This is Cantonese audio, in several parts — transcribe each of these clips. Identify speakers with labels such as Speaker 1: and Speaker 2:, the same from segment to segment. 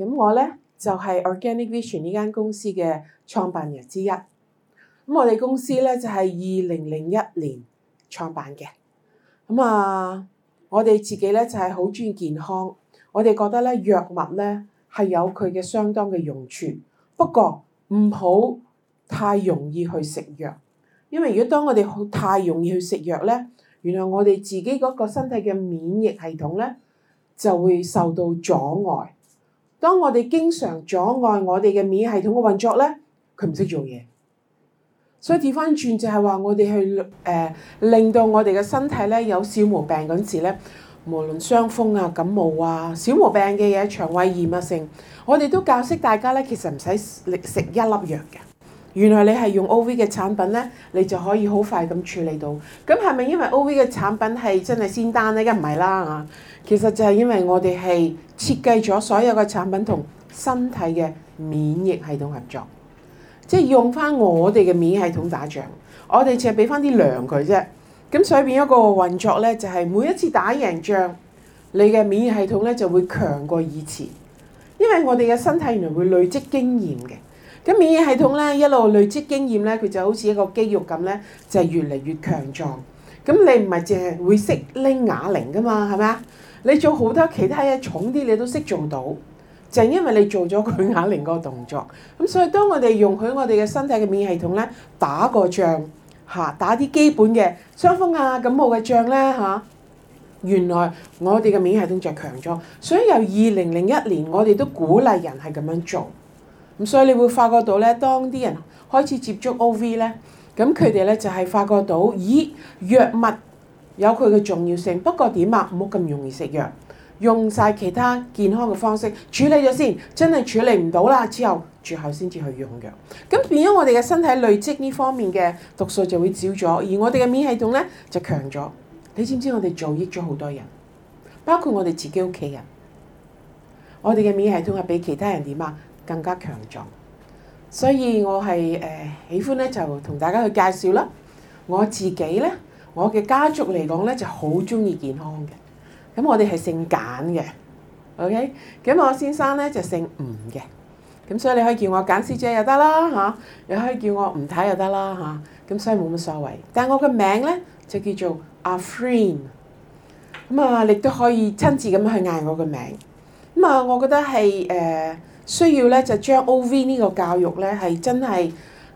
Speaker 1: 咁我咧就係 Organic Vision 呢間公司嘅創辦人之一。咁我哋公司咧就係二零零一年創辦嘅。咁啊，我哋自己咧就係好中意健康。我哋覺得咧藥物咧係有佢嘅相當嘅用處，不過唔好太容易去食藥。因為如果當我哋好太容易去食藥咧，原來我哋自己嗰個身體嘅免疫系統咧就會受到阻礙。當我哋經常阻礙我哋嘅免疫系統嘅運作呢，佢唔識做嘢。所以調翻轉就係話，我哋去誒令到我哋嘅身體呢，有小毛病嗰陣時咧，無論傷風啊、感冒啊、小毛病嘅嘢、腸胃炎啊，性，我哋都教識大家呢，其實唔使食一粒藥嘅。原來你係用 OV 嘅產品咧，你就可以好快咁處理到。咁係咪因為 OV 嘅產品係真係仙丹呢？梗唔係啦嚇，其實就係因為我哋係設計咗所有嘅產品同身體嘅免疫系統合作，即係用翻我哋嘅免疫系統打仗。我哋淨係俾翻啲糧佢啫。咁所以變咗個運作咧，就係、是、每一次打贏仗，你嘅免疫系統咧就會強過以前，因為我哋嘅身體原來會累積經驗嘅。咁免疫系統咧，一路累積經驗咧，佢就好似一個肌肉咁咧，就係越嚟越強壯。咁你唔係淨係會識拎啞鈴噶嘛，係咪啊？你做好多其他嘢重啲，你都識做到，就係因為你做咗佢啞鈴嗰個動作。咁所以當我哋容許我哋嘅身體嘅免疫系統咧打個仗嚇，打啲基本嘅傷風啊、感冒嘅仗咧嚇，原來我哋嘅免疫系統就強壯。所以由二零零一年，我哋都鼓勵人係咁樣做。咁所以你會發覺到咧，當啲人開始接觸 O.V. 咧，咁佢哋咧就係發覺到，咦，藥物有佢嘅重要性。不過點啊，唔好咁容易食藥，用晒其他健康嘅方式處理咗先。真係處理唔到啦，之後最後先至去用藥。咁變咗我哋嘅身體累積呢方面嘅毒素就會少咗，而我哋嘅免疫系統咧就強咗。你知唔知我哋造益咗好多人，包括我哋自己屋企人。我哋嘅免疫系統係比其他人點啊？更加強壯，所以我係誒喜歡咧，就同大家去介紹啦。我自己咧，我嘅家族嚟講咧，就好中意健康嘅。咁我哋係姓簡嘅，OK。咁我先生咧就姓吳嘅，咁所以你可以叫我簡師姐又得啦嚇，你可以叫我吳太又得啦嚇，咁所以冇乜所謂。但係我嘅名咧就叫做阿 Free，咁啊，你都可以親自咁樣去嗌我嘅名，咁啊，我覺得係誒。需要咧就將 O.V 呢個教育咧係真係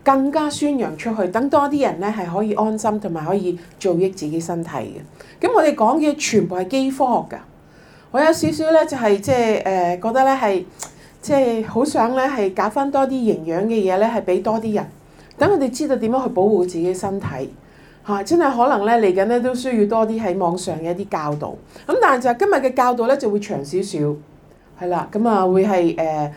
Speaker 1: 更加宣揚出去，等多啲人咧係可以安心同埋可以造益自己身體嘅。咁我哋講嘅全部係基科學㗎。我有少少咧就係即係誒覺得咧係即係好想咧係搞返多啲營養嘅嘢咧係俾多啲人，等佢哋知道點樣去保護自己身體嚇。真係可能咧嚟緊咧都需要多啲喺網上嘅一啲教導。咁但係就今日嘅教導咧就會長少少。係啦，咁啊會係誒、呃，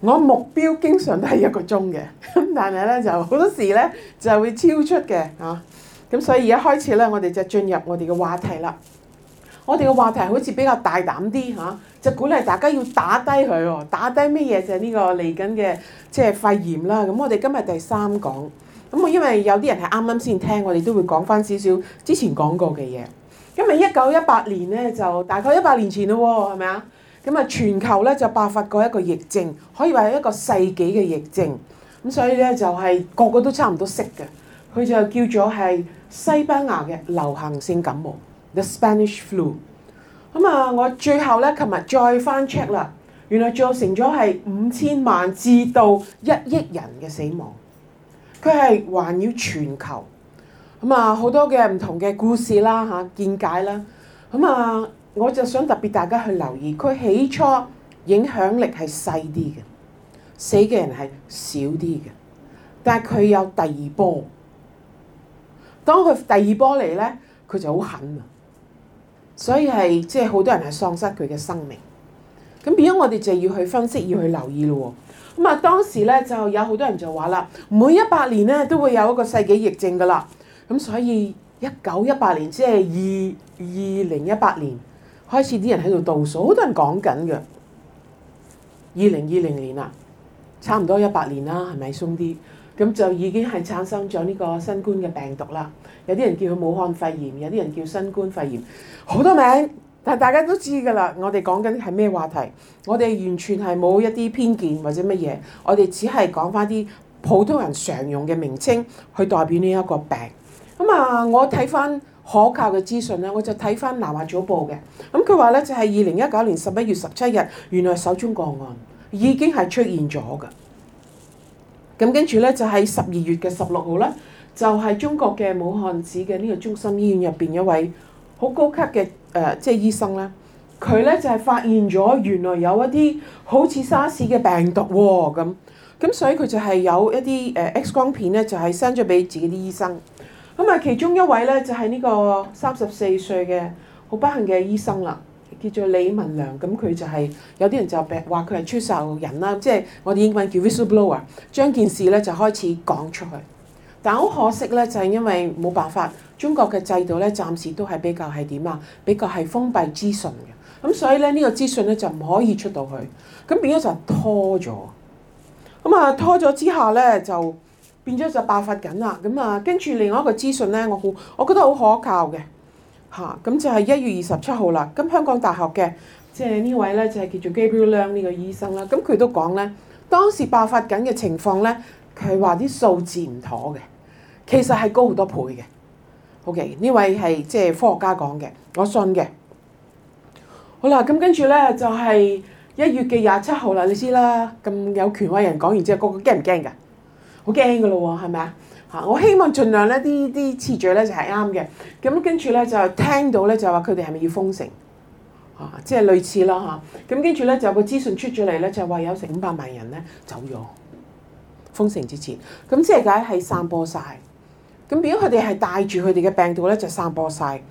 Speaker 1: 我目標經常都係一個鐘嘅，咁但係咧就好多時咧就會超出嘅，嚇、啊。咁所以而家開始咧，我哋就進入我哋嘅話題啦。我哋嘅話題好似比較大膽啲嚇，就鼓勵大家要打低佢喎，打低咩嘢就係呢個嚟緊嘅即係肺炎啦。咁、啊、我哋今日第三講，咁、啊、我因為有啲人係啱啱先聽，我哋都會講翻少少之前講過嘅嘢。因為一九一八年咧，就大概一百年前咯喎，係咪啊？咁啊，全球咧就爆發過一個疫症，可以話係一個世紀嘅疫症。咁所以咧就係、係、個個都差唔多識嘅。佢就叫做係西班牙嘅流行性感冒，The Spanish flu。咁啊，我最後咧琴日再翻 check 啦，原來造成咗係五千萬至到一億人嘅死亡。佢係環繞全球。咁啊，好多嘅唔同嘅故事啦、嚇、啊、見解啦，咁啊～我就想特別大家去留意，佢起初影響力係細啲嘅，死嘅人係少啲嘅。但係佢有第二波，當佢第二波嚟咧，佢就好狠啊！所以係即係好多人係喪失佢嘅生命。咁變咗我哋就要去分析，要去留意咯。咁啊，當時咧就有好多人就話啦，每一百年咧都會有一個世紀疫症噶啦。咁所以一九一八年即係二二零一八年。開始啲人喺度倒數，好多人講緊嘅二零二零年啊，差唔多一百年啦，係咪鬆啲？咁就已經係產生咗呢個新冠嘅病毒啦。有啲人叫佢武漢肺炎，有啲人叫新冠肺炎，好多名。但大家都知㗎啦，我哋講緊係咩話題？我哋完全係冇一啲偏見或者乜嘢，我哋只係講翻啲普通人常用嘅名稱去代表呢一個病。咁啊，我睇翻。可靠嘅資訊咧，我就睇翻《南華早報》嘅，咁佢話咧就係二零一九年十一月十七日，原來首宗個案已經係出現咗㗎。咁跟住咧就喺十二月嘅十六號咧，就係中國嘅武漢市嘅呢個中心醫院入邊一位好高級嘅誒即係醫生咧，佢咧就係、是、發現咗原來有一啲好似沙士嘅病毒喎、哦、咁，咁所以佢就係有一啲誒、呃、X 光片咧就係 send 咗俾自己啲醫生。咁啊，其中一位咧就係呢個三十四歲嘅好不幸嘅醫生啦，叫做李文亮。咁佢就係有啲人就病話佢係出售人啦，即係我哋英文叫 whistleblower，將件事咧就開始講出去。但好可惜咧，就係因為冇辦法，中國嘅制度咧暫時都係比較係點啊？比較係封閉資訊嘅。咁所以咧呢個資訊咧就唔可以出到去，咁變咗就拖咗。咁啊，拖咗之下咧就。變咗就爆發緊啦，咁啊，跟住另外一個資訊咧，我好，我覺得好可靠嘅，嚇、啊，咁就係一月二十七號啦。咁香港大學嘅，即係呢位咧，就係、是就是、叫做 Gabriel Leung 呢個醫生啦。咁佢都講咧，當時爆發緊嘅情況咧，佢話啲數字唔妥嘅，其實係高好多倍嘅。OK，呢位係即係科學家講嘅，我信嘅。好啦，咁跟住咧就係、是、一月嘅廿七號啦，你知啦，咁有權威人講完之後、那個個驚唔驚㗎？好驚㗎咯喎，係咪啊？嚇！我希望儘量咧啲啲次序咧就係啱嘅。咁跟住咧就聽到咧就話佢哋係咪要封城？嚇，即係類似啦嚇。咁跟住咧就有個資訊出咗嚟咧，就話有成五百萬人咧走咗封城之前。咁即係解係散播晒。咁變咗佢哋係帶住佢哋嘅病毒咧就散播晒。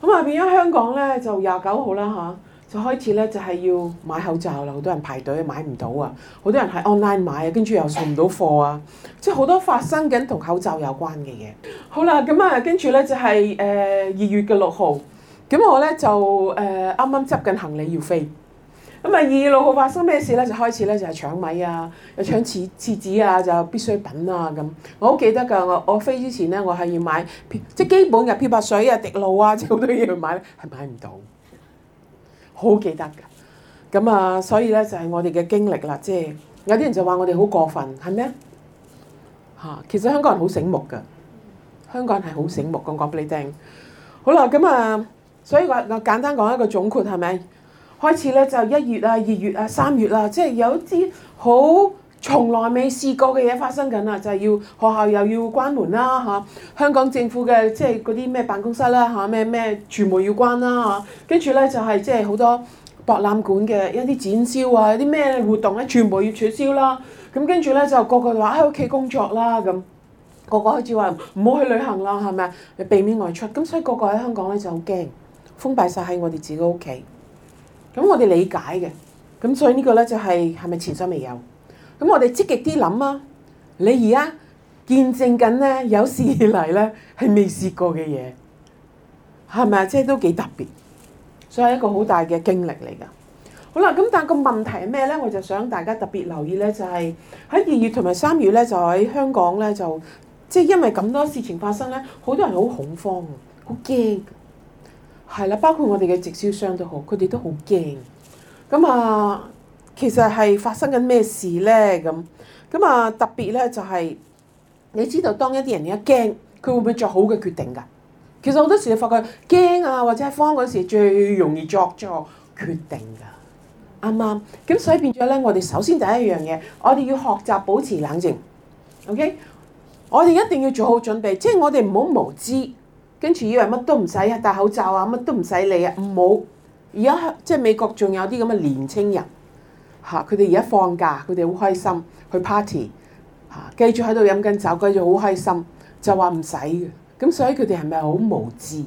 Speaker 1: 咁啊變咗香港咧就廿九號啦嚇。就開始咧，就係要買口罩啦，好多人排隊買唔到啊！好多人喺 online 買啊，跟住又送唔到貨啊！即係好多發生緊同口罩有關嘅嘢。好啦，咁啊，跟住咧就係誒二月嘅六號，咁我咧就誒啱啱執緊行李要飛。咁啊，二月六號發生咩事咧？就開始咧就係搶米啊，又搶廁廁紙啊，就必需品啊咁。我好記得㗎，我我飛之前咧，我係要買即係基本嘅漂白水啊、滴露啊，即好多嘢要買，係買唔到。好記得㗎，咁啊，所以咧就係我哋嘅經歷啦，即係有啲人就話我哋好過分，係咪啊？嚇，其實香港人好醒目㗎，香港人係好醒目嘅，咁講畀你聽。好啦，咁啊，所以話我簡單講一個總括係咪？開始咧就一月啊、二月啊、三月啊，即係有啲好。從來未試過嘅嘢發生緊啊！就係要學校又要關門啦嚇，香港政府嘅即係嗰啲咩辦公室啦嚇，咩咩全部要關啦嚇。跟住咧就係即係好多博覽館嘅一啲展銷啊，啲咩活動咧全部要取消啦。咁跟住咧就個個話喺屋企工作啦咁，個個開始話唔好去旅行啦，係咪？避免外出咁，所以個個喺香港咧就好驚，封閉晒喺我哋自己屋企。咁我哋理解嘅，咁所以呢個咧就係係咪前所未有？咁我哋積極啲諗啊！你而家見證緊咧，有史以嚟咧係未試過嘅嘢，係咪啊？即係都幾特別，所以係一個好大嘅經歷嚟噶。好啦，咁但係個問題係咩咧？我就想大家特別留意咧，就係喺二月同埋三月咧，就喺香港咧，就即係因為咁多事情發生咧，好多人好恐慌，好驚，係啦，包括我哋嘅直銷商都好，佢哋都好驚。咁啊～其實係發生緊咩事咧？咁咁啊，特別咧就係、是、你知道當，當一啲人一驚，佢會唔會作好嘅決定㗎？其實好多時你發覺驚啊，或者慌嗰時最容易作錯決定㗎。啱唔啱？咁所以變咗咧，我哋首先第一樣嘢，我哋要學習保持冷靜。OK，我哋一定要做好準備，即係我哋唔好無知，跟住以為乜都唔使啊，戴口罩啊，乜都唔使理啊。唔好而家即係美國仲有啲咁嘅年青人。嚇！佢哋而家放假，佢哋好開心去 party 嚇，繼續喺度飲緊酒，繼住好開心，就話唔使嘅。咁所以佢哋係咪好無知？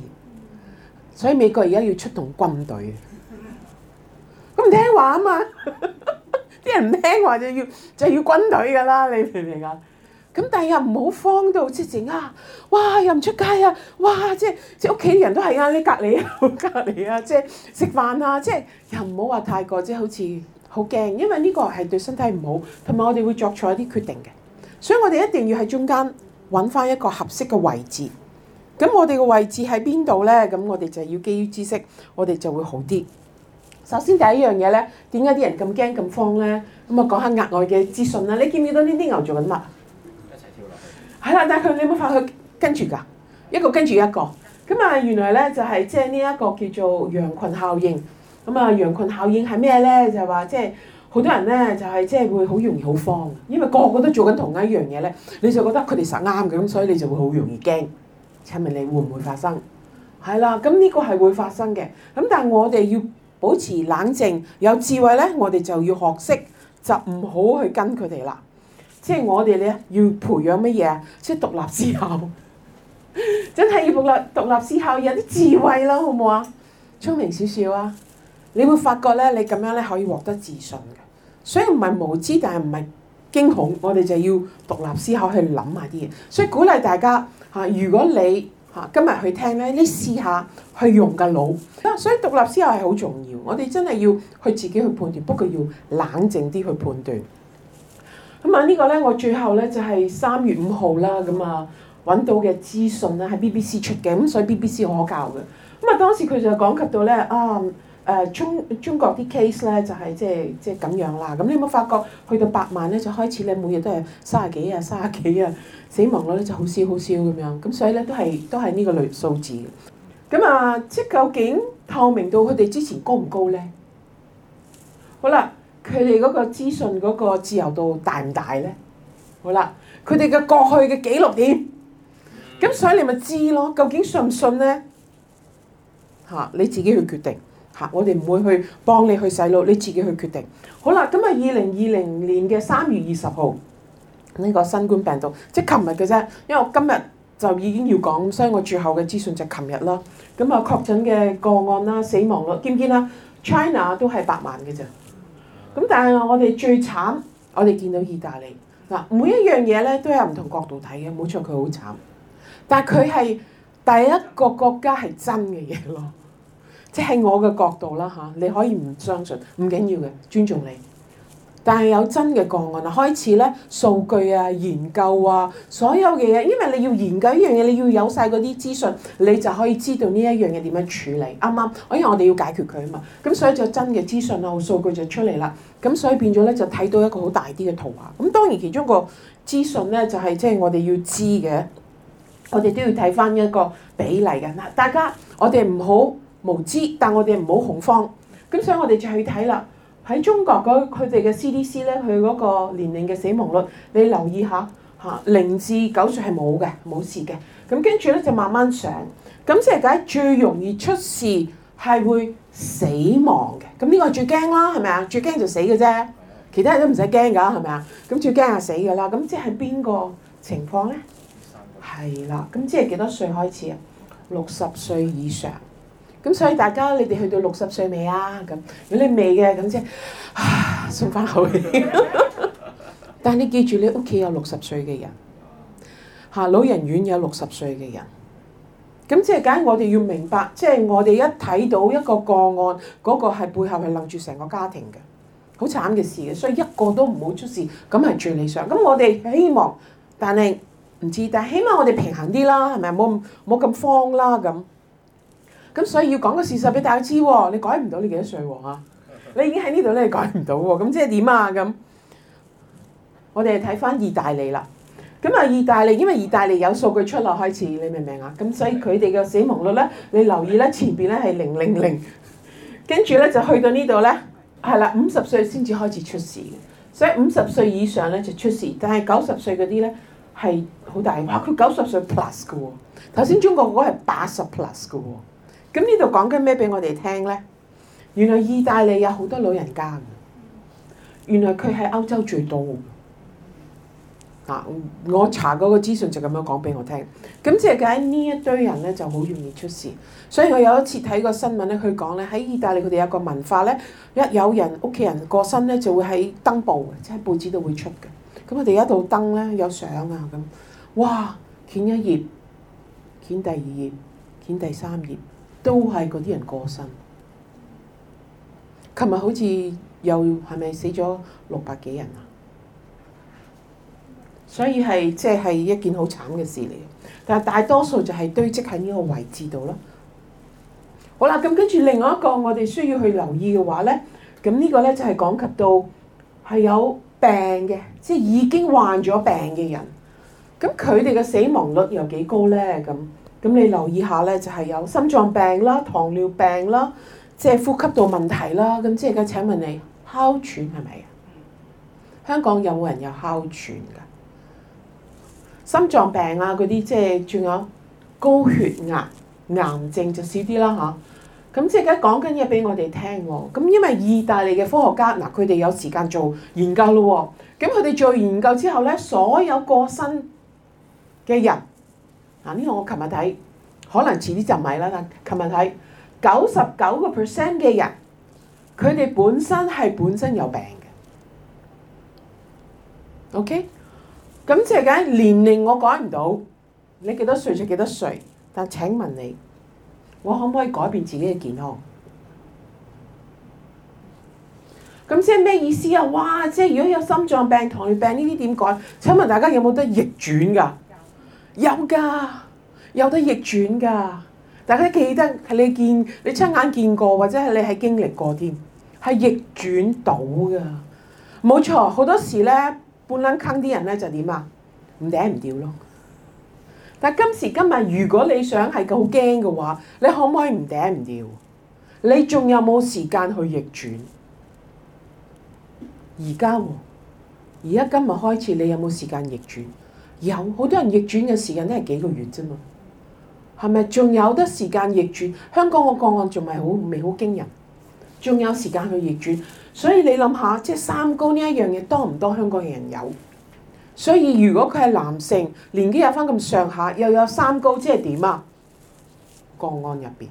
Speaker 1: 所以美國而家要出動軍隊，咁唔聽話啊嘛！啲 人唔聽話就要就要軍隊噶啦，你明唔明啊？咁但係又唔好慌到之前啱，哇！又唔出街啊，哇！即係即係屋企人都係啊，你隔離啊，隔離啊，即係食飯啊，即係又唔好話太過，即係好似。好驚，因為呢個係對身體唔好，同埋我哋會作錯一啲決定嘅，所以我哋一定要喺中間揾翻一個合適嘅位置。咁我哋嘅位置喺邊度咧？咁我哋就要基於知識，我哋就會好啲。首先第一樣嘢咧，點解啲人咁驚咁慌咧？咁我講下額外嘅資訊啦。你見唔見到呢啲牛做緊乜？一齊跳落去。係啦，但係佢你冇發現佢，跟住㗎，一個跟住一個。咁啊，原來咧就係即係呢一個叫做羊群效應。咁啊，羊群效應係咩咧？就係話即係好多人咧，就係即係會好容易好慌，因為個個都做緊同一樣嘢咧，你就覺得佢哋實啱咁，所以你就會好容易驚。請問你會唔會發生？係啦，咁、這、呢個係會發生嘅。咁但係我哋要保持冷靜，有智慧咧，我哋就要學識就唔好去跟佢哋啦。即係我哋咧要培養乜嘢？即係獨立思考， 真係要獨立獨立思考，有啲智慧啦，好唔好啊？聰明少少啊！你會發覺咧，你咁樣咧可以獲得自信嘅，所以唔係無知，但係唔係驚恐。我哋就要獨立思考去諗下啲嘢，所以鼓勵大家嚇。如果你嚇今日去聽咧，你試下去用嘅腦，所以獨立思考係好重要。我哋真係要去自己去判斷，不過要冷靜啲去判斷。咁啊，呢個咧，我最後咧就係、是、三月五號啦，咁啊揾到嘅資訊咧係 BBC 出嘅，咁所以 BBC 可靠嘅。咁啊，當時佢就講及到咧啊。誒中中國啲 case 咧就係即係即係咁樣啦。咁你有冇發覺去到百萬咧就開始咧每日都係三十幾啊，三十幾啊死亡率咧就好少好少咁樣。咁所以咧都係都係呢個類數字嘅。咁啊即係究竟透明度佢哋之前高唔高咧？好啦，佢哋嗰個資訊嗰個自由度大唔大咧？好啦，佢哋嘅過去嘅紀錄點？咁所以你咪知咯？究竟信唔信咧？嚇你自己去決定。嚇！我哋唔會去幫你去洗腦，你自己去決定。好啦，咁啊，二零二零年嘅三月二十號呢個新冠病毒，即係琴日嘅啫。因為我今日就已經要講，所以我最後嘅資訊就係琴日啦。咁啊，確診嘅個案啦，死亡率，見唔見啦？China 都係百萬嘅啫。咁但係我哋最慘，我哋見到意大利嗱，每一樣嘢咧都係唔同角度睇嘅。冇錯，佢好慘，但係佢係第一個國家係真嘅嘢咯。即係我嘅角度啦嚇，你可以唔相信，唔緊要嘅，尊重你。但係有真嘅個案啊，開始咧數據啊、研究啊，所有嘅嘢，因為你要研究一樣嘢，你要有晒嗰啲資訊，你就可以知道呢一樣嘢點樣處理，啱啱？因為我哋要解決佢啊嘛，咁所以就真嘅資訊啊、數據就出嚟啦。咁所以變咗咧，就睇到一個好大啲嘅圖畫。咁當然其中個資訊咧，就係即係我哋要知嘅，我哋都要睇翻一個比例嘅。嗱，大家我哋唔好，無知，但我哋唔好恐慌。咁所以我，我哋就去睇啦。喺中國佢哋嘅 CDC 咧，佢嗰個年齡嘅死亡率，你留意下，零至九歲係冇嘅，冇事嘅。咁跟住咧就慢慢上。咁即係解最容易出事係會死亡嘅。咁呢個最驚啦，係咪啊？最驚就死嘅啫。其他人都唔使驚㗎，係咪啊？咁最驚就死嘅啦。咁即係邊個情況咧？係啦。咁即係幾多歲開始啊？六十歲以上。咁所以大家你哋去到六十歲未啊？咁如果你未嘅，咁即係送翻口氣。但係你記住，你屋企有六十歲嘅人，吓，老人院有六十歲嘅人。咁即係梗係我哋要明白，即係我哋一睇到一個個案，嗰個係背後係諗住成個家庭嘅，好慘嘅事嘅。所以一個都唔好出事，咁係最理想。咁我哋希望，但係唔知，但係起碼我哋平衡啲啦，係咪啊？冇冇咁慌啦咁。咁所以要講個事實俾大家知喎，你改唔到你幾多歲喎啊？你已經喺呢度咧改唔到喎，咁即係點啊？咁我哋睇翻意大利啦。咁啊，意大利因為意大利有數據出落開始，你明唔明啊？咁所以佢哋嘅死亡率咧，你留意咧前邊咧係零零零，跟住咧就去到呢度咧，係啦，五十歲先至開始出事，所以五十歲以上咧就出事，但係九十歲嗰啲咧係好大，哇！佢九十歲 plus 噶喎，頭先中國嗰係八十 plus 噶喎。咁呢度講緊咩俾我哋聽咧？原來意大利有好多老人家，原來佢喺歐洲最多嗱、啊，我查嗰個資訊就咁樣講俾我聽。咁即係講呢一堆人咧就好容易出事，所以我有一次睇個新聞咧，佢講咧喺意大利佢哋有個文化咧，一有人屋企人過身咧就會喺登報，即係報紙都會出嘅。咁佢哋一度登咧有相啊咁，哇，卷一頁，卷第二頁，卷第三頁。都係嗰啲人過身。琴日好似又係咪死咗六百幾人啊？所以係即係一件好慘嘅事嚟。但係大多數就係堆積喺呢個位置度咯。好啦，咁跟住另外一個我哋需要去留意嘅話咧，咁呢個咧就係講及到係有病嘅，即係已經患咗病嘅人。咁佢哋嘅死亡率有幾高咧？咁？咁你留意下咧，就係有心臟病啦、糖尿病啦，即係呼吸道問題啦。咁即係而家，請問你哮喘係咪啊？香港有冇人有哮喘㗎？心臟病啊，嗰啲即係仲有高血壓、癌症就少啲啦吓，咁即係而家，講緊嘢俾我哋聽喎。咁因為意大利嘅科學家嗱，佢哋有時間做研究咯。咁佢哋做完研究之後咧，所有過身嘅人。嗱，呢個我琴日睇，可能遲啲就唔係啦。但琴日睇九十九個 percent 嘅人，佢哋本身係本身有病嘅。OK，咁即係講年齡我改唔到，你幾多歲就幾多歲。但請問你，我可唔可以改變自己嘅健康？咁即係咩意思啊？哇！即係如果有心臟病、糖尿病呢啲點改？請問大家有冇得逆轉㗎？有㗎，有得逆轉㗎。大家記得係你見你親眼見過，或者係你係經歷過添，係逆轉到㗎。冇錯，好多時咧，半撚坑啲人咧就點啊？唔嗲唔掉咯。但係今時今日，如果你想係好驚嘅話，你可唔可以唔嗲唔掉？你仲有冇時間去逆轉？而家喎，而家今日開始，你有冇時間逆轉？有好多人逆轉嘅時間都係幾個月啫嘛，係咪？仲有得時間逆轉？香港個個案仲係好未好驚人？仲有時間去逆轉？所以你諗下，即係三高呢一樣嘢多唔多？香港嘅人有，所以如果佢係男性，年紀有翻咁上下，又有三高，即係點啊？個案入邊，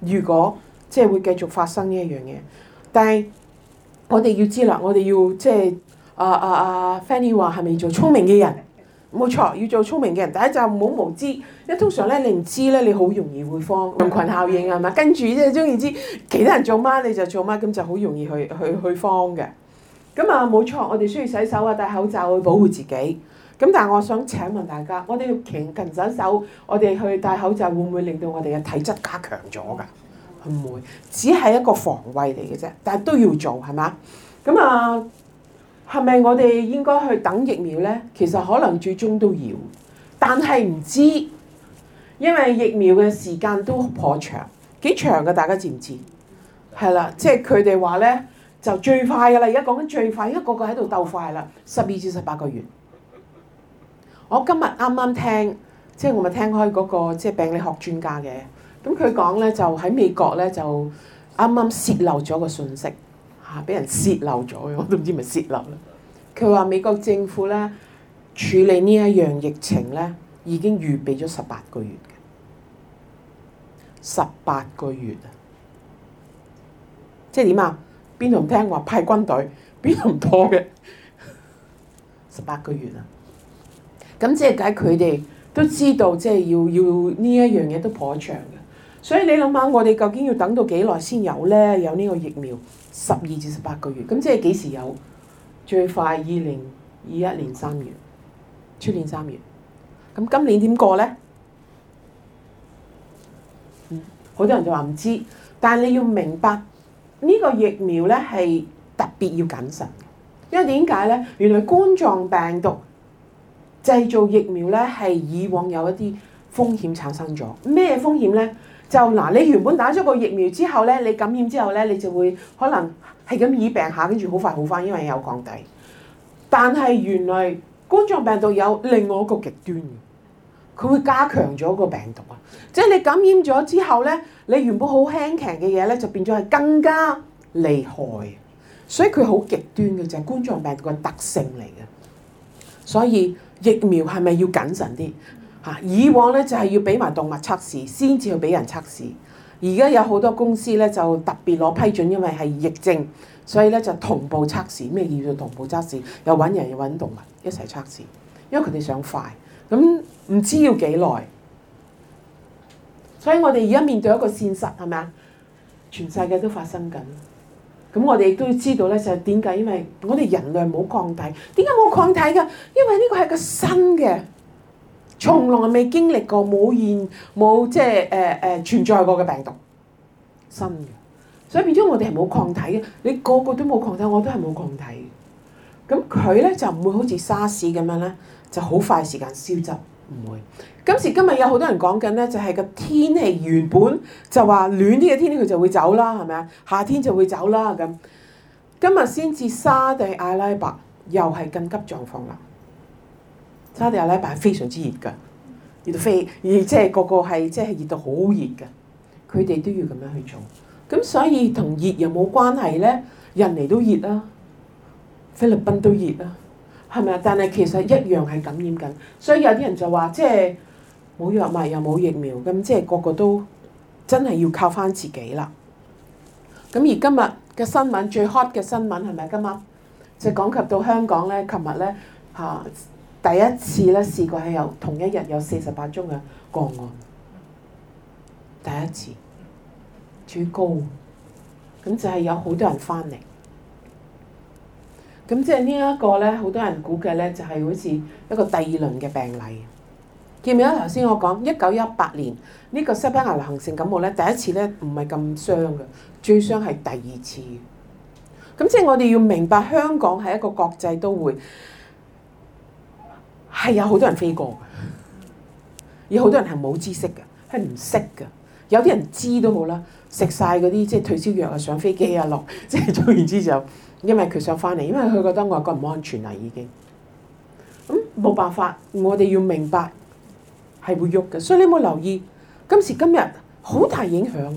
Speaker 1: 如果即係會繼續發生呢一樣嘢，但係我哋要知啦，我哋要即係啊啊啊 Fanny 話係咪要做聰明嘅人？冇錯，要做聰明嘅人，第一就唔好無知，因為通常咧你唔知咧，你好容易會慌。羊羣效應啊，係咪？跟住即係中意知其他人做乜你就做乜，咁就好容易去去去慌嘅。咁啊冇錯，我哋需要洗手啊，戴口罩去保護自己。咁但係我想請問大家，我哋勤勤洗手，我哋去戴口罩會唔會令到我哋嘅體質加強咗㗎？唔會，只係一個防衛嚟嘅啫。但係都要做係咪啊？咁啊。係咪我哋應該去等疫苗呢？其實可能最終都要，但係唔知，因為疫苗嘅時間都頗長，幾長嘅，大家知唔知？係啦，即係佢哋話呢，就最快嘅啦。而家講緊最快，一個個喺度鬥快啦，十二至十八個月。我今日啱啱聽，即係我咪聽開嗰個即係病理學專家嘅，咁佢講呢，就喺美國呢，就啱啱泄漏咗個信息。嚇、啊！俾人洩漏咗，我都唔知係咪洩漏啦。佢話美國政府咧處理呢一樣疫情咧，已經預備咗十八個月嘅，十八個月啊！即係點啊？邊度唔聽話派軍隊？邊度唔多嘅？十八個月啊！咁即係解佢哋都知道，即係要要呢一樣嘢都頗長嘅。所以你諗下，我哋究竟要等到幾耐先有咧？有呢個疫苗十二至十八個月，咁即係幾時有？最快二零二一年三月，出年三月。咁今年點過咧？嗯，好多人就話唔知，但你要明白呢個疫苗咧係特別要謹慎，因為點解咧？原來冠狀病毒製造疫苗咧係以往有一啲風險產生咗，咩風險咧？就嗱，你原本打咗個疫苗之後咧，你感染之後咧，你就會可能係咁染病下，跟住好快好返，因為有降低。但係原來冠狀病毒有另外一個極端，佢會加強咗個病毒啊！即係你感染咗之後咧，你原本好輕強嘅嘢咧，就變咗係更加厲害。所以佢好極端嘅就係、是、冠狀病毒嘅特性嚟嘅。所以疫苗係咪要謹慎啲？嚇、啊！以往咧就係、是、要俾埋動物測試先至去俾人測試，而家有好多公司咧就特別攞批准，因為係疫症，所以咧就同步測試。咩叫做同步測試？又揾人又揾動物一齊測試，因為佢哋想快。咁唔知要幾耐？所以我哋而家面對一個現實係咪啊？全世界都發生緊。咁我哋亦都知道咧，就係點解？因為我哋人類冇抗體，點解冇抗體㗎？因為呢個係個新嘅。從來未經歷過冇現冇，即係誒誒存在過嘅病毒，新嘅，所以變咗我哋係冇抗體嘅。你個個都冇抗體，我都係冇抗體。咁佢咧就唔會好似沙士咁樣咧，就好快時間消失。唔會。今時今日有好多人講緊咧，就係個天氣原本就話暖啲嘅天氣佢就會走啦，係咪啊？夏天就會走啦咁。今日先至沙地阿拉伯又係緊急狀況啦。沙地阿拉伯係非常之熱㗎，熱到飛，而即係個個係即係熱到好熱㗎，佢哋都要咁樣去做。咁所以同熱又冇關係咧，印尼都熱啦，菲律賓都熱啦，係咪啊？但係其實一樣係感染緊，所以有啲人就話即係冇藥物又冇疫苗，咁即係個個都真係要靠翻自己啦。咁而今日嘅新聞最 hot 嘅新聞係咪今日即係講及到香港咧，琴日咧嚇。啊第一次咧試過係有同一日有四十八宗嘅個案，第一次，最高，咁就係有好多人翻嚟，咁即係呢一個咧，好多人估計咧就係好似一個第二輪嘅病例。記唔記得頭先我講一九一八年呢個西班牙流行性感冒咧，第一次咧唔係咁傷嘅，最傷係第二次。咁即係我哋要明白香港係一個國際都會。係啊，好多人飛過的，有好多人係冇知識嘅，係唔識嘅。有啲人知都好啦，食晒嗰啲即係退燒藥啊，上飛機啊落，即係總言之就因為佢想翻嚟，因為佢覺得外國唔安全啊，已經。咁冇辦法，我哋要明白係會喐嘅，所以你有冇留意今時今日好大影響啊？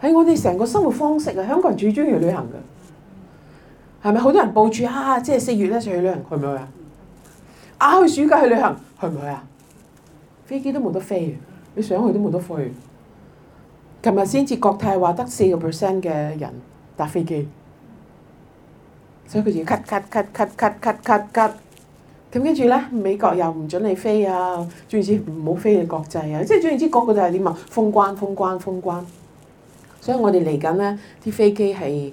Speaker 1: 喺我哋成個生活方式啊，香港人最中意去旅行嘅，係咪好多人報住哈哈，即係四月咧上去旅行，係咪去唔去啊？啊！去暑假去旅行，去唔去啊？飛機都冇得飛，你想去都冇得去。琴日先至國泰話得四個 percent 嘅人搭飛機，所以佢就要 cut cut cut cut cut cut cut。咁跟住咧？美國又唔準你飛啊！總言之，唔好飛你國際啊！即係總言之，嗰個就係點啊？封關封關封關。所以我哋嚟緊咧，啲飛機係。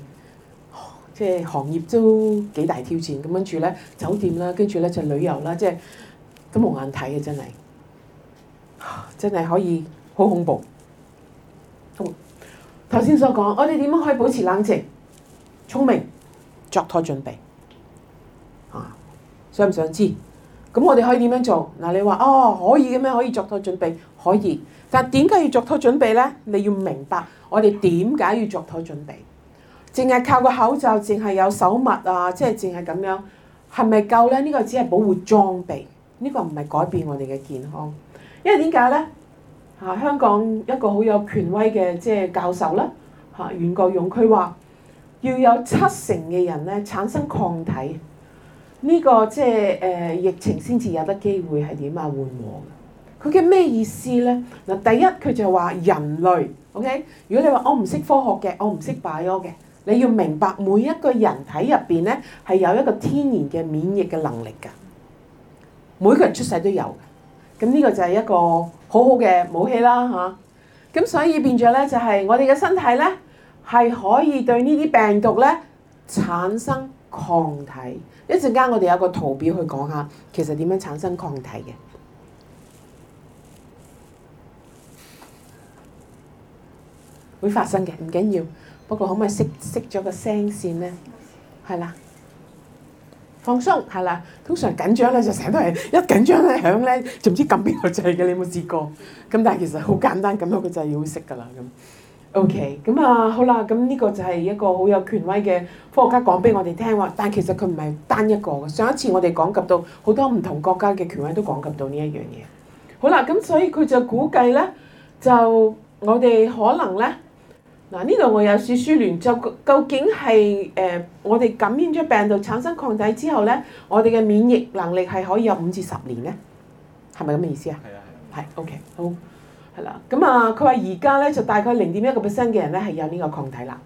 Speaker 1: 即係行業都幾大挑戰，咁跟住咧，酒店啦，跟住咧就旅遊啦，即係都冇眼睇嘅真係，真係可以好恐怖。哦、頭先所講，我哋點樣可以保持冷靜、聰明、作妥準備？啊，想唔想知？咁我哋可以點樣做？嗱，你話哦，可以嘅咩？可以作妥準備，可以。但點解要作妥準備咧？你要明白我哋點解要作妥準備。淨係靠個口罩，淨係有手襪啊，即係淨係咁樣，係咪夠咧？呢個只係保護裝備，呢個唔係改變我哋嘅健康。因為點解咧？嚇香港一個好有權威嘅即係教授啦嚇，袁國勇，佢話要有七成嘅人咧產生抗體，呢個即係誒疫情先至有得機會係點啊緩和嘅。佢嘅咩意思咧？嗱，第一佢就話人類 OK。如果你話我唔識科學嘅，我唔識 Bio 嘅。你要明白，每一個人體入邊咧係有一個天然嘅免疫嘅能力噶，每個人出世都有。咁呢個就係一個好好嘅武器啦嚇。咁所以變咗咧，就係我哋嘅身體咧係可以對呢啲病毒咧產生抗體。一陣間我哋有個圖表去講下，其實點樣產生抗體嘅會發生嘅，唔緊要。不過可唔可以熄熄咗個聲線咧？係啦，放鬆係啦。通常緊張咧就成日都係一緊張咧響咧，就唔知撳邊個掣嘅。你有冇試過？咁但係其實好簡單，咁樣佢就係要識噶啦咁。OK，咁啊好啦，咁呢個就係一個好有權威嘅科學家講俾我哋聽話。但係其實佢唔係單一個嘅。上一次我哋講及到好多唔同國家嘅權威都講及到呢一樣嘢。好啦，咁所以佢就估計咧，就我哋可能咧。嗱，呢度我有少少亂，就究竟係誒、呃、我哋感染咗病毒產生抗體之後咧，我哋嘅免疫能力係可以有五至十年咧，係咪咁嘅意思啊？係啊係。OK 好，係啦，咁啊佢話而家咧就大概零點一個 percent 嘅人咧係有呢個抗體啦，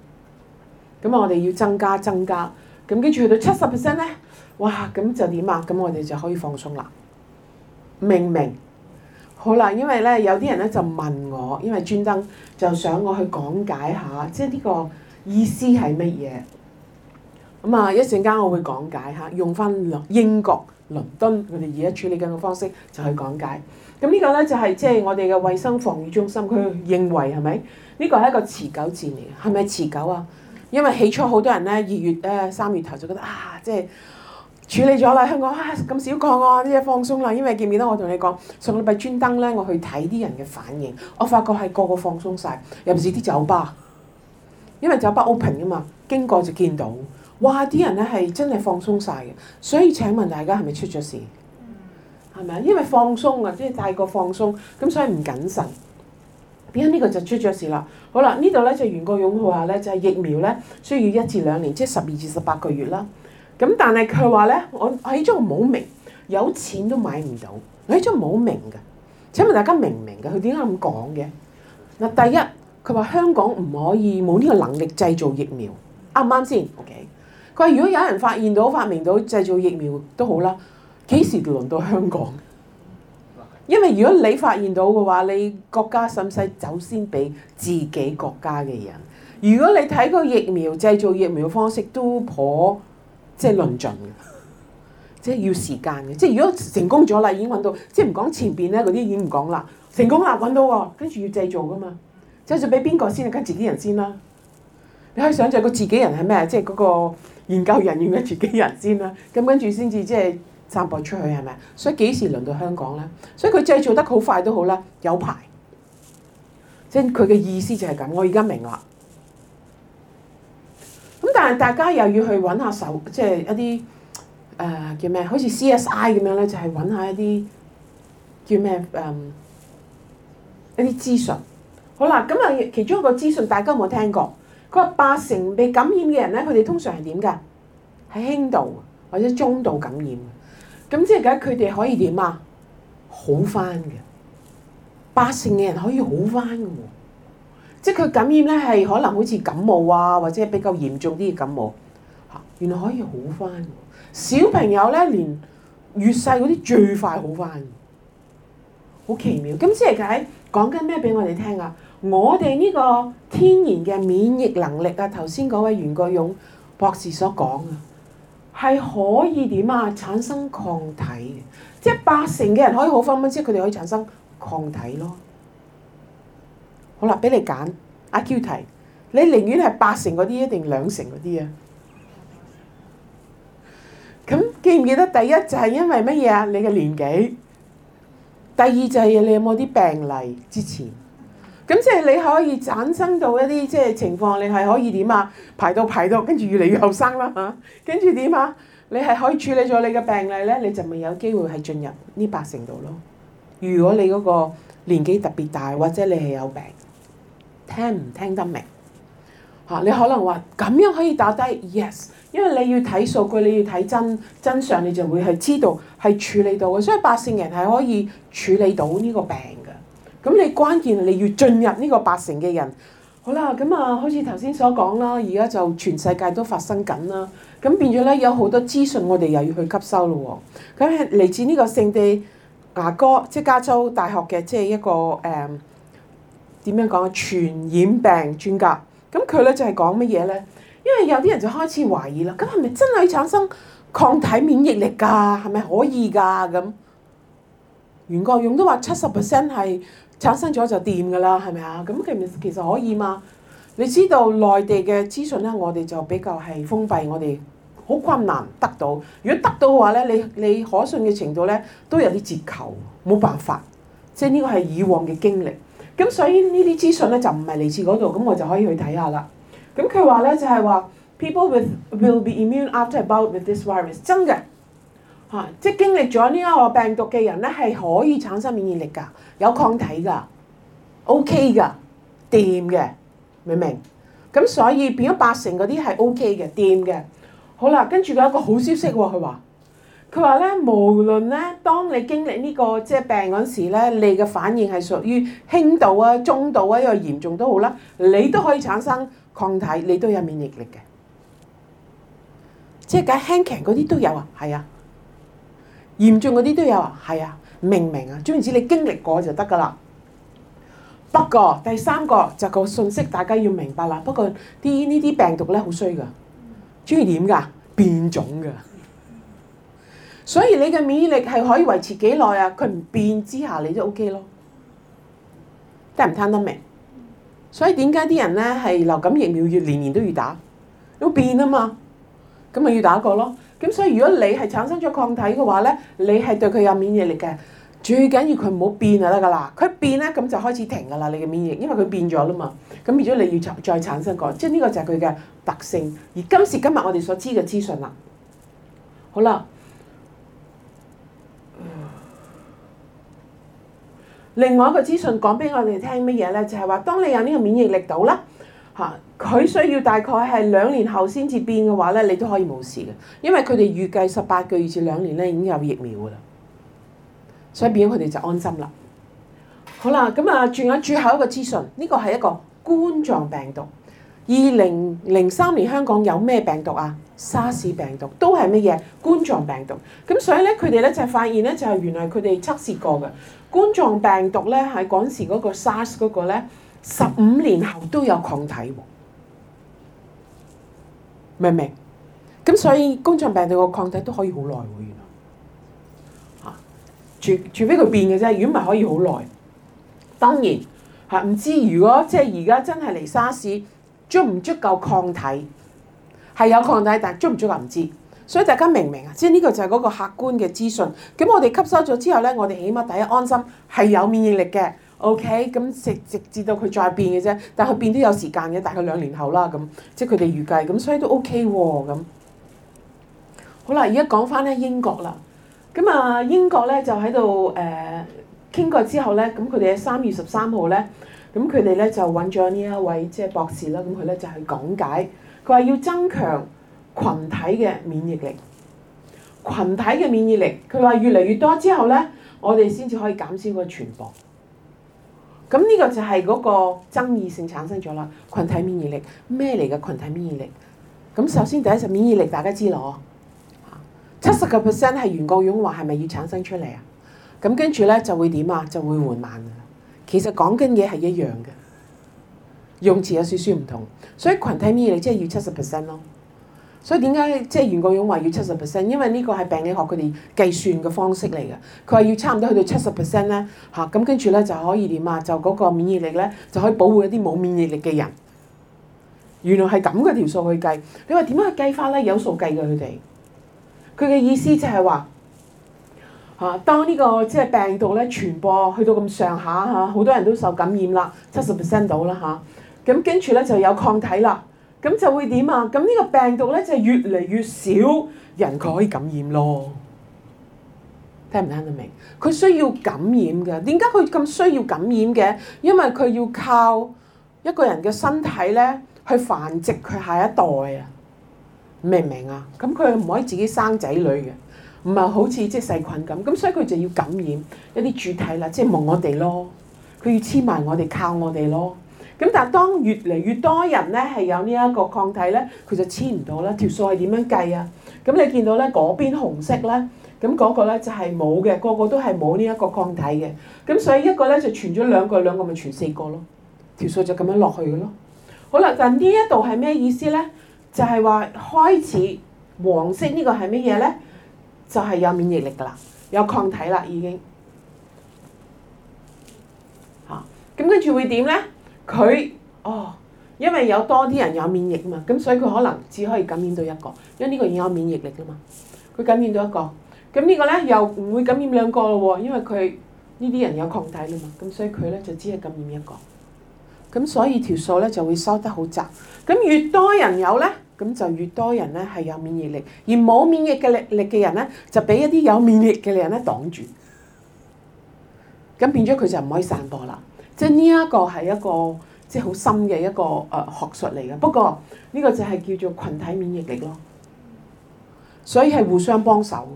Speaker 1: 咁啊我哋要增加增加，咁跟住去到七十 percent 咧，哇咁就點啊？咁我哋就可以放鬆啦，明唔明？好啦，因為咧有啲人咧就問我，因為專登就想我去講解下，即係呢個意思係乜嘢。咁啊，一陣間我會講解下，用翻英國倫敦佢哋而家處理緊嘅方式就去講解。咁呢個咧就係即係我哋嘅衞生防禦中心佢認為係咪？呢、這個係一個持久戰嚟嘅，係咪持久啊？因為起初好多人咧二月咧三、呃、月頭就覺得啊，即係。處理咗啦，香港啊咁少個案，啲嘢、啊、放鬆啦。因為見唔見到我同你講，上個禮拜專登咧，我去睇啲人嘅反應，我發覺係個個放鬆晒，尤其是啲酒吧，因為酒吧 open 噶嘛，經過就見到，哇！啲人咧係真係放鬆晒！嘅，所以請問大家係咪出咗事？係咪啊？因為放鬆啊，即係太過放鬆，咁所以唔謹慎。點解呢個就出咗事啦？好啦，呢度咧就袁國勇話咧就係、是、疫苗咧需要一至兩年，即係十二至十八個月啦。咁但係佢話咧，我我始終冇明，有錢都買唔到，我始終冇明嘅。請問大家明唔明㗎？佢點解咁講嘅？嗱，第一佢話香港唔可以冇呢個能力製造疫苗，啱唔啱先？OK，佢話如果有人發現到、發明到製造疫苗都好啦，幾時就輪到香港？因為如果你發現到嘅話，你國家使唔使走先俾自己國家嘅人？如果你睇個疫苗製造疫苗方式都頗～即係論盡即係要時間嘅。即係如果成功咗啦，已經揾到，即係唔講前邊咧嗰啲，已經唔講啦。成功啦，揾到喎，跟住要製造噶嘛，製造俾邊個先啊？跟自己人先啦。你可以想象個自己人係咩？即係嗰個研究人員嘅自己人先啦。咁跟住先至即係散播出去係咪？所以幾時輪到香港咧？所以佢製造得快好快都好啦，有排。即係佢嘅意思就係咁，我而家明啦。但係大家又要去揾下手，即係一啲誒、呃、叫咩？好似 C.S.I. 咁樣咧，就係、是、揾下一啲叫咩誒、嗯、一啲資訊。好啦，咁啊其中一個資訊大家有冇聽過？佢話八成被感染嘅人咧，佢哋通常係點㗎？係輕度或者中度感染。咁即係而家佢哋可以點啊？好返嘅，八成嘅人可以好返嘅喎。即係佢感染咧，係可能好似感冒啊，或者比較嚴重啲嘅感冒嚇，原來可以好翻。小朋友咧，連越細嗰啲最快好翻，好奇妙。咁即係講緊咩俾我哋聽啊？我哋呢個天然嘅免疫能力啊，頭先嗰位袁國勇博士所講啊，係可以點啊？產生抗體嘅，即係八成嘅人可以好翻，即係佢哋可以產生抗體咯。好啦，俾你揀，阿 Q 提，你寧願係八成嗰啲，一定是兩成嗰啲啊？咁記唔記得第一就係、是、因為乜嘢啊？你嘅年紀，第二就係、是、你有冇啲病例之前，咁即係你可以產生到一啲即係情況，你係可以點啊？排到排到，跟住越嚟越後生啦嚇，跟住點啊？你係可以處理咗你嘅病例咧，你就咪有機會係進入呢八成度咯。如果你嗰個年紀特別大，或者你係有病。聽唔聽得明嚇？你可能話咁樣可以打低 yes，因為你要睇數據，你要睇真真相，你就會係知道係處理到嘅。所以八成人係可以處理到呢個病嘅。咁你關鍵你要進入呢個八成嘅人。好啦，咁啊，好似頭先所講啦，而家就全世界都發生緊啦。咁變咗咧，有好多資訊我哋又要去吸收咯喎。咁係嚟自呢個聖地牙哥，即係加州大學嘅，即係一個誒。點樣講啊？傳染病專家咁佢咧就係講乜嘢咧？因為有啲人就開始懷疑啦。咁係咪真係產生抗體免疫力㗎？係咪可以㗎咁？袁國勇都話七十 percent 係產生咗就掂㗎啦，係咪啊？咁其其實可以嘛？你知道內地嘅資訊咧，我哋就比較係封閉，我哋好困難得到。如果得到嘅話咧，你你可信嘅程度咧都有啲折扣，冇辦法。即係呢個係以往嘅經歷。咁所以呢啲資訊咧就唔係嚟自嗰度，咁我就可以去睇下啦。咁佢話咧就係、是、話，people with will be immune after about with this virus，真嘅嚇、啊，即係經歷咗呢一個病毒嘅人咧係可以產生免疫力㗎，有抗體㗎，OK 㗎，掂嘅，明唔明？咁所以變咗八成嗰啲係 OK 嘅，掂嘅。好啦，跟住有一個好消息喎、哦，佢話。佢話咧，無論咧，當你經歷、這個、呢個即係病嗰時咧，你嘅反應係屬於輕度啊、中度啊，因為嚴重都好啦，你都可以產生抗體，你都有免疫力嘅。即係梗輕強嗰啲都有啊，係啊。嚴重嗰啲都有啊，係啊。明唔明啊？總言之，你經歷過就得噶啦。不過第三個就是、個信息，大家要明白啦。不過啲呢啲病毒咧好衰噶，鍾意點㗎？變種㗎。所以你嘅免疫力係可以維持幾耐啊？佢唔變之下，你就 O K 咯。聽唔聽得明？所以點解啲人咧係流感疫苗要年年都要打？要變啊嘛，咁咪要打過咯。咁所以如果你係產生咗抗體嘅話咧，你係對佢有免疫力嘅。最緊要佢唔好變就得噶啦。佢變咧，咁就開始停噶啦。你嘅免疫力因為佢變咗啦嘛。咁變咗你要再產生過，即係呢個就係佢嘅特性。而今時今日我哋所知嘅資訊啦，好啦。另外一個資訊講畀我哋聽乜嘢咧？就係話，當你有呢個免疫力到啦，嚇佢需要大概係兩年後先至變嘅話咧，你都可以冇事嘅，因為佢哋預計十八個月至兩年咧已經有疫苗嘅啦，所以變咗佢哋就安心啦。好啦，咁啊，仲有最後一個資訊，呢個係一個冠狀病毒。二零零三年香港有咩病毒啊？沙士病毒都係乜嘢？冠狀病毒。咁，所以咧佢哋咧就發現咧，就係原來佢哋測試過嘅冠狀病毒咧，喺嗰時嗰個 SARS 嗰個咧，十五年後都有抗體，明唔明？咁所以冠狀病毒個抗體都可以好耐喎，原來嚇，除，除非佢變嘅啫，如果唔係可以好耐。當然嚇，唔知如果即係而家真係嚟沙士。足唔足夠抗體？係有抗體，但係足唔足夠唔知。所以大家明唔明啊？即係呢個就係嗰個客觀嘅資訊。咁我哋吸收咗之後咧，我哋起碼第一安心係有免疫力嘅。OK，咁直直至到佢再變嘅啫。但係佢變都有時間嘅，大概兩年後啦咁。即係佢哋預計咁，所以都 OK 喎、哦、咁。好啦，而家講翻咧英國啦。咁啊，英國咧就喺度誒傾過之後咧，咁佢哋喺三月十三號咧。咁佢哋咧就揾咗呢一位即係、就是、博士啦，咁佢咧就去、是、講解，佢話要增強群體嘅免疫力，群體嘅免疫力，佢話越嚟越多之後咧，我哋先至可以減少個傳播。咁呢個就係嗰個爭議性產生咗啦。群體免疫力咩嚟嘅？群體免疫力？咁首先第一就是、免疫力大家知咯，七十個 percent 係袁國勇話係咪要產生出嚟啊？咁跟住咧就會點啊？就會緩慢。其實講緊嘢係一樣嘅，用詞有少少唔同，所以群體免疫力即係要七十 percent 咯。所以點解即係袁國勇話要七十 percent？因為呢個係病理學佢哋計算嘅方式嚟嘅。佢話要差唔多去到七十 percent 咧，嚇，咁跟住咧就可以點啊？就嗰個免疫力咧就可以保護一啲冇免疫力嘅人。原來係咁嘅條數去計。你話點樣去計法咧？有數計嘅佢哋。佢嘅意思即係話。嚇！當呢個即係病毒咧傳播去到咁上下嚇，好多人都受感染啦，七十 percent 到啦嚇。咁跟住咧就有抗體啦，咁就會點啊？咁呢個病毒咧就越嚟越少人佢可以感染咯。聽唔聽得明？佢需要感染嘅，點解佢咁需要感染嘅？因為佢要靠一個人嘅身體咧去繁殖佢下一代啊。明唔明啊？咁佢唔可以自己生仔女嘅。唔係好似即係細菌咁，咁所以佢就要感染一啲主體啦，即係望我哋咯。佢要黐埋我哋，靠我哋咯。咁但係當越嚟越多人咧係有呢一個抗體咧，佢就黐唔到啦。條數係點樣計啊？咁你見到咧嗰邊紅色咧，咁、那、嗰個咧就係冇嘅，個個都係冇呢一個抗體嘅。咁所以一個咧就傳咗兩個，兩個咪傳四個咯。條數就咁樣落去嘅咯。好啦，但呢一度係咩意思咧？就係、是、話開始黃色個呢個係乜嘢咧？就係、是、有免疫力㗎啦，有抗體啦已經嚇，咁跟住會點咧？佢，哦，因為有多啲人有免疫啊嘛，咁所以佢可能只可以感染到一個，因為呢個已經有免疫力㗎嘛，佢感染到一個，咁呢個咧又唔會感染兩個咯喎，因為佢呢啲人有抗體啦嘛，咁所以佢咧就只係感染一個。咁所以條數咧就會收得好窄。咁越多人有咧，咁就越多人咧係有免疫力，而冇免疫嘅力力嘅人咧，就俾一啲有免疫力嘅人咧擋住。咁變咗佢就唔可以散播啦。即係呢一個係一個即係好深嘅一個誒學術嚟嘅。不過呢個就係叫做群體免疫力咯。所以係互相幫手。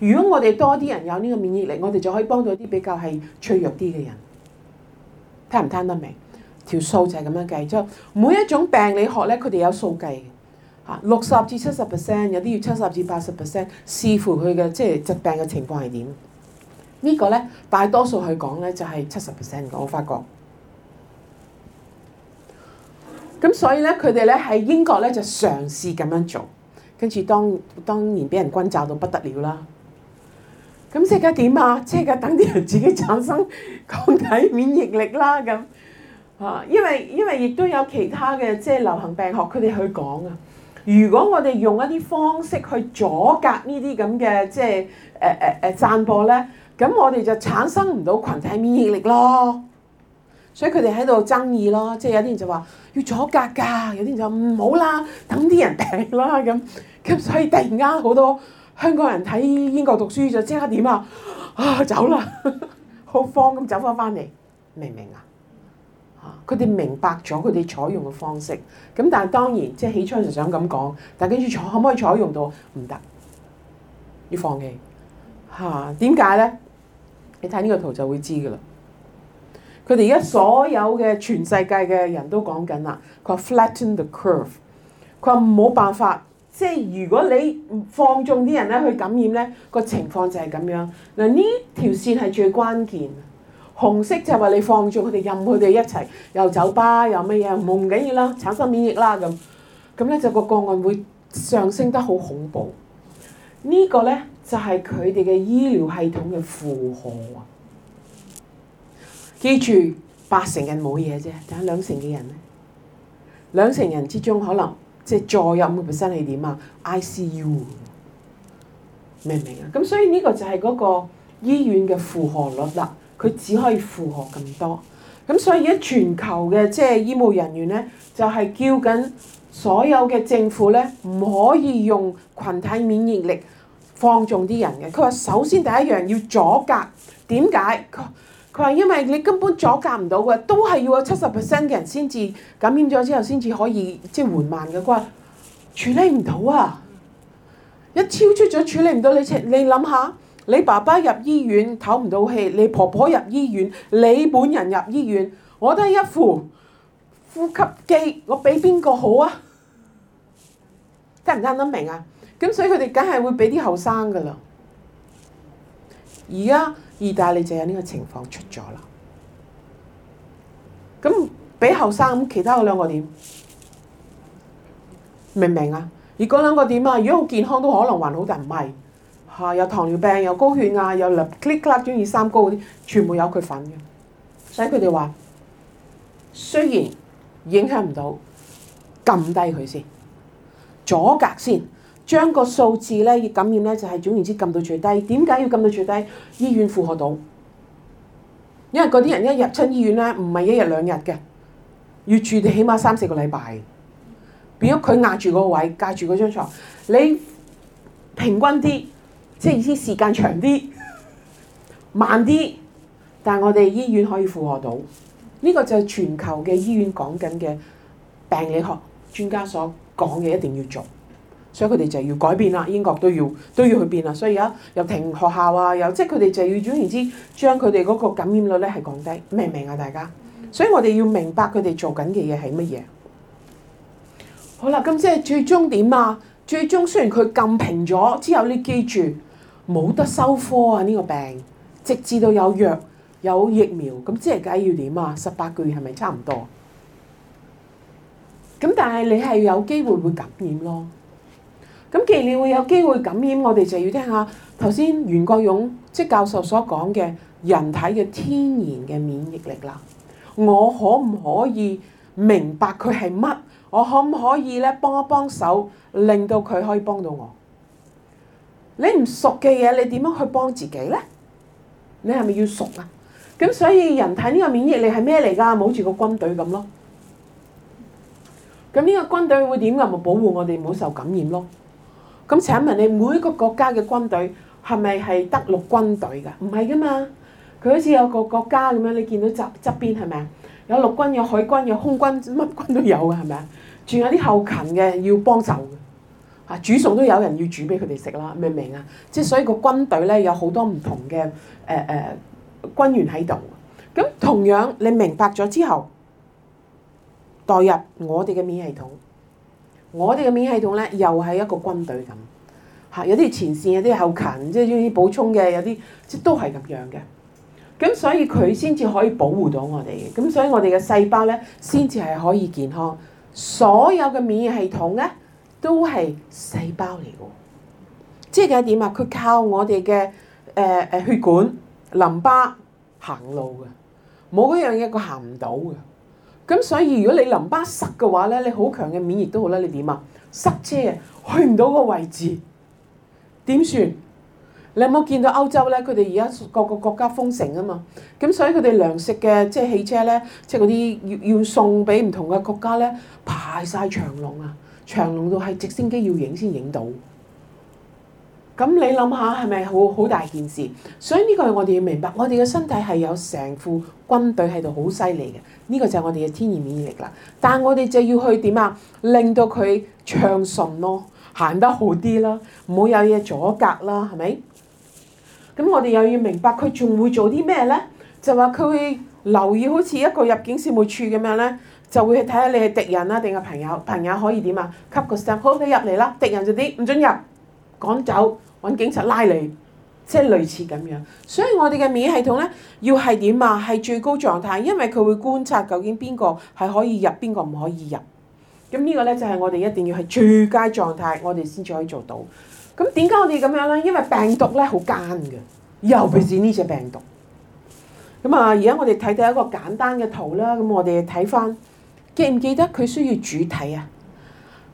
Speaker 1: 如果我哋多啲人有呢個免疫力，我哋就可以幫到啲比較係脆弱啲嘅人。聽唔聽得明？條數就係咁樣計，即係每一種病理學咧，佢哋有數計嚇，六十至七十 percent，有啲要七十至八十 percent，視乎佢嘅即係疾病嘅情況係點。呢個咧大多數去講咧就係七十 percent 個，我發覺的。咁所以咧，佢哋咧喺英國咧就嘗試咁樣做，跟住當當然俾人轟炸到不得了啦。咁即刻點啊？即刻等啲人自己產生抗體免疫力啦咁。因為因為亦都有其他嘅即係流行病學佢哋去講啊。如果我哋用一啲方式去阻隔這些這、就是呃呃、呢啲咁嘅即係誒誒誒散播咧，咁我哋就產生唔到群體免疫力咯。所以佢哋喺度爭議咯，即係有啲人就話要阻隔㗎，有啲人就唔好啦，等啲人病啦咁。咁所以突然間好多香港人喺英國讀書就即刻點啊啊走啦，好慌咁走翻翻嚟，明唔明啊？佢哋明白咗佢哋採用嘅方式，咁但係當然，即係起初就想咁講，但係跟住採可唔可以採用到？唔得，要放棄吓。點解咧？你睇呢個圖就會知㗎啦。佢哋而家所有嘅全世界嘅人都講緊啦，佢話 flatten the curve，佢話冇辦法，即係如果你放縱啲人咧去感染咧，個情況就係咁樣。嗱呢條線係最關鍵。紅色就係話你放縱佢哋，任佢哋一齊又酒吧又乜嘢，唔緊要啦，產生免疫啦咁。咁咧就個個案會上升得好恐怖。這個、呢個咧就係佢哋嘅醫療系統嘅負荷啊！記住，八成人冇嘢啫，但係兩成嘅人咧，兩成人之中可能即係再入去本身係點啊？ICU 明唔明啊？咁所以呢個就係嗰個醫院嘅負荷率啦。佢只可以負荷咁多，咁所以而家全球嘅即係醫務人員咧，就係叫緊所有嘅政府咧，唔可以用群體免疫力放縱啲人嘅。佢話首先第一樣要阻隔為什麼，點解？佢佢話因為你根本阻隔唔到嘅，都係要有七十 percent 嘅人先至感染咗之後先至可以即係緩慢嘅。佢話處理唔到啊，一超出咗處理唔到，你你諗下。你爸爸入醫院唞唔到氣，你婆婆入醫院，你本人入醫院，我得一副呼吸機，我畀邊個好啊？得唔得明啊？咁所以佢哋梗係會畀啲後生噶啦。而家意大利就有呢個情況出咗啦。咁畀後生，咁其他嗰兩個點？明唔明啊？而嗰兩個點啊，如果好健康都可能還好，但唔係。嚇、啊！有糖尿病、有高血壓，有嚟 click 啦，中意三高啲，全部有佢份嘅。所以佢哋話，雖然影響唔到，撳低佢先阻隔先，將個數字咧要感染咧就係、是、總言之撳到最低。點解要撳到最低？醫院負荷到，因為嗰啲人一入親醫院咧，唔係一日兩日嘅，要住起碼三四個禮拜。變咗佢壓住個位，隔住嗰張牀，你平均啲。即係意思是時間長啲，慢啲，但係我哋醫院可以負荷到呢個就係全球嘅醫院講緊嘅病理學專家所講嘅，一定要做，所以佢哋就要改變啦。英國都要都要去變啦。所以而家又停學校啊，又即係佢哋就要總言之，將佢哋嗰個感染率咧係降低。明唔明啊，大家？所以我哋要明白佢哋做緊嘅嘢係乜嘢。好啦，咁即係最終點啊？最終雖然佢撳平咗之後，你記住。冇得收科啊！呢、這個病，直至到有藥有疫苗，咁即係梗係要點啊？十八個月係咪差唔多？咁但係你係有機會會感染咯。咁既然你會有機會感染，我哋就要聽下頭先袁國勇即係教授所講嘅人體嘅天然嘅免疫力啦。我可唔可以明白佢係乜？我可唔可以咧幫一幫手，令到佢可以幫到我？你唔熟嘅嘢，你點樣去幫自己咧？你係咪要熟啊？咁所以人體呢個免疫力係咩嚟㗎？好似個軍隊咁咯。咁呢個軍隊會點啊？咪保護我哋唔好受感染咯。咁請問你每一個國家嘅軍隊係咪係得陸軍隊㗎？唔係㗎嘛。佢好似有個國家咁樣，你見到側側邊係咪啊？有陸軍、有海軍、有空軍，乜軍都有㗎係咪啊？仲有啲後勤嘅要幫手。嚇煮餸都有人要煮俾佢哋食啦，明唔明啊？即係所以個軍隊咧有好多唔同嘅誒誒軍員喺度。咁同樣你明白咗之後，代入我哋嘅免疫系統，我哋嘅免疫系統咧又係一個軍隊咁。嚇有啲前線，有啲後勤，即係啲補充嘅，有啲即都係咁樣嘅。咁所以佢先至可以保護到我哋嘅，咁所以我哋嘅細胞咧先至係可以健康。所有嘅免疫系統咧。都係細胞嚟㗎，即係點啊？佢靠我哋嘅誒誒血管、淋巴行路嘅，冇嗰樣嘢佢行唔到嘅。咁所以如果你淋巴塞嘅話咧，你好強嘅免疫都好啦，你點啊？塞車啊，去唔到個位置，點算？你有冇見到歐洲咧？佢哋而家各個國家封城啊嘛，咁所以佢哋糧食嘅即係汽車咧，即係嗰啲要要送俾唔同嘅國家咧，排晒長龍啊！長隆度係直升機要影先影到，咁你諗下係咪好好大件事？所以呢個係我哋要明白，我哋嘅身體係有成副軍隊喺度好犀利嘅，呢個就係我哋嘅天然免疫力啦。但係我哋就要去點啊，令到佢暢順咯，行得好啲啦，唔好有嘢阻隔啦，係咪？咁我哋又要明白佢仲會做啲咩咧？就話佢會留意好似一個入境事務處咁樣咧。就會去睇下你係敵人啦定係朋友，朋友可以點啊？畀個 stamp，好，你入嚟啦。敵人就點？唔准入，趕走，揾警察拉你，即係類似咁樣。所以我哋嘅免疫系統咧，要係點啊？係最高狀態，因為佢會觀察究竟邊個係可以入，邊個唔可以入。咁呢個咧就係、是、我哋一定要係最佳狀態，我哋先至可以做到。咁點解我哋咁樣咧？因為病毒咧好奸嘅，尤其是呢隻病毒。咁啊，而家我哋睇到一個簡單嘅圖啦，咁我哋睇翻。記唔記得佢需要主體啊？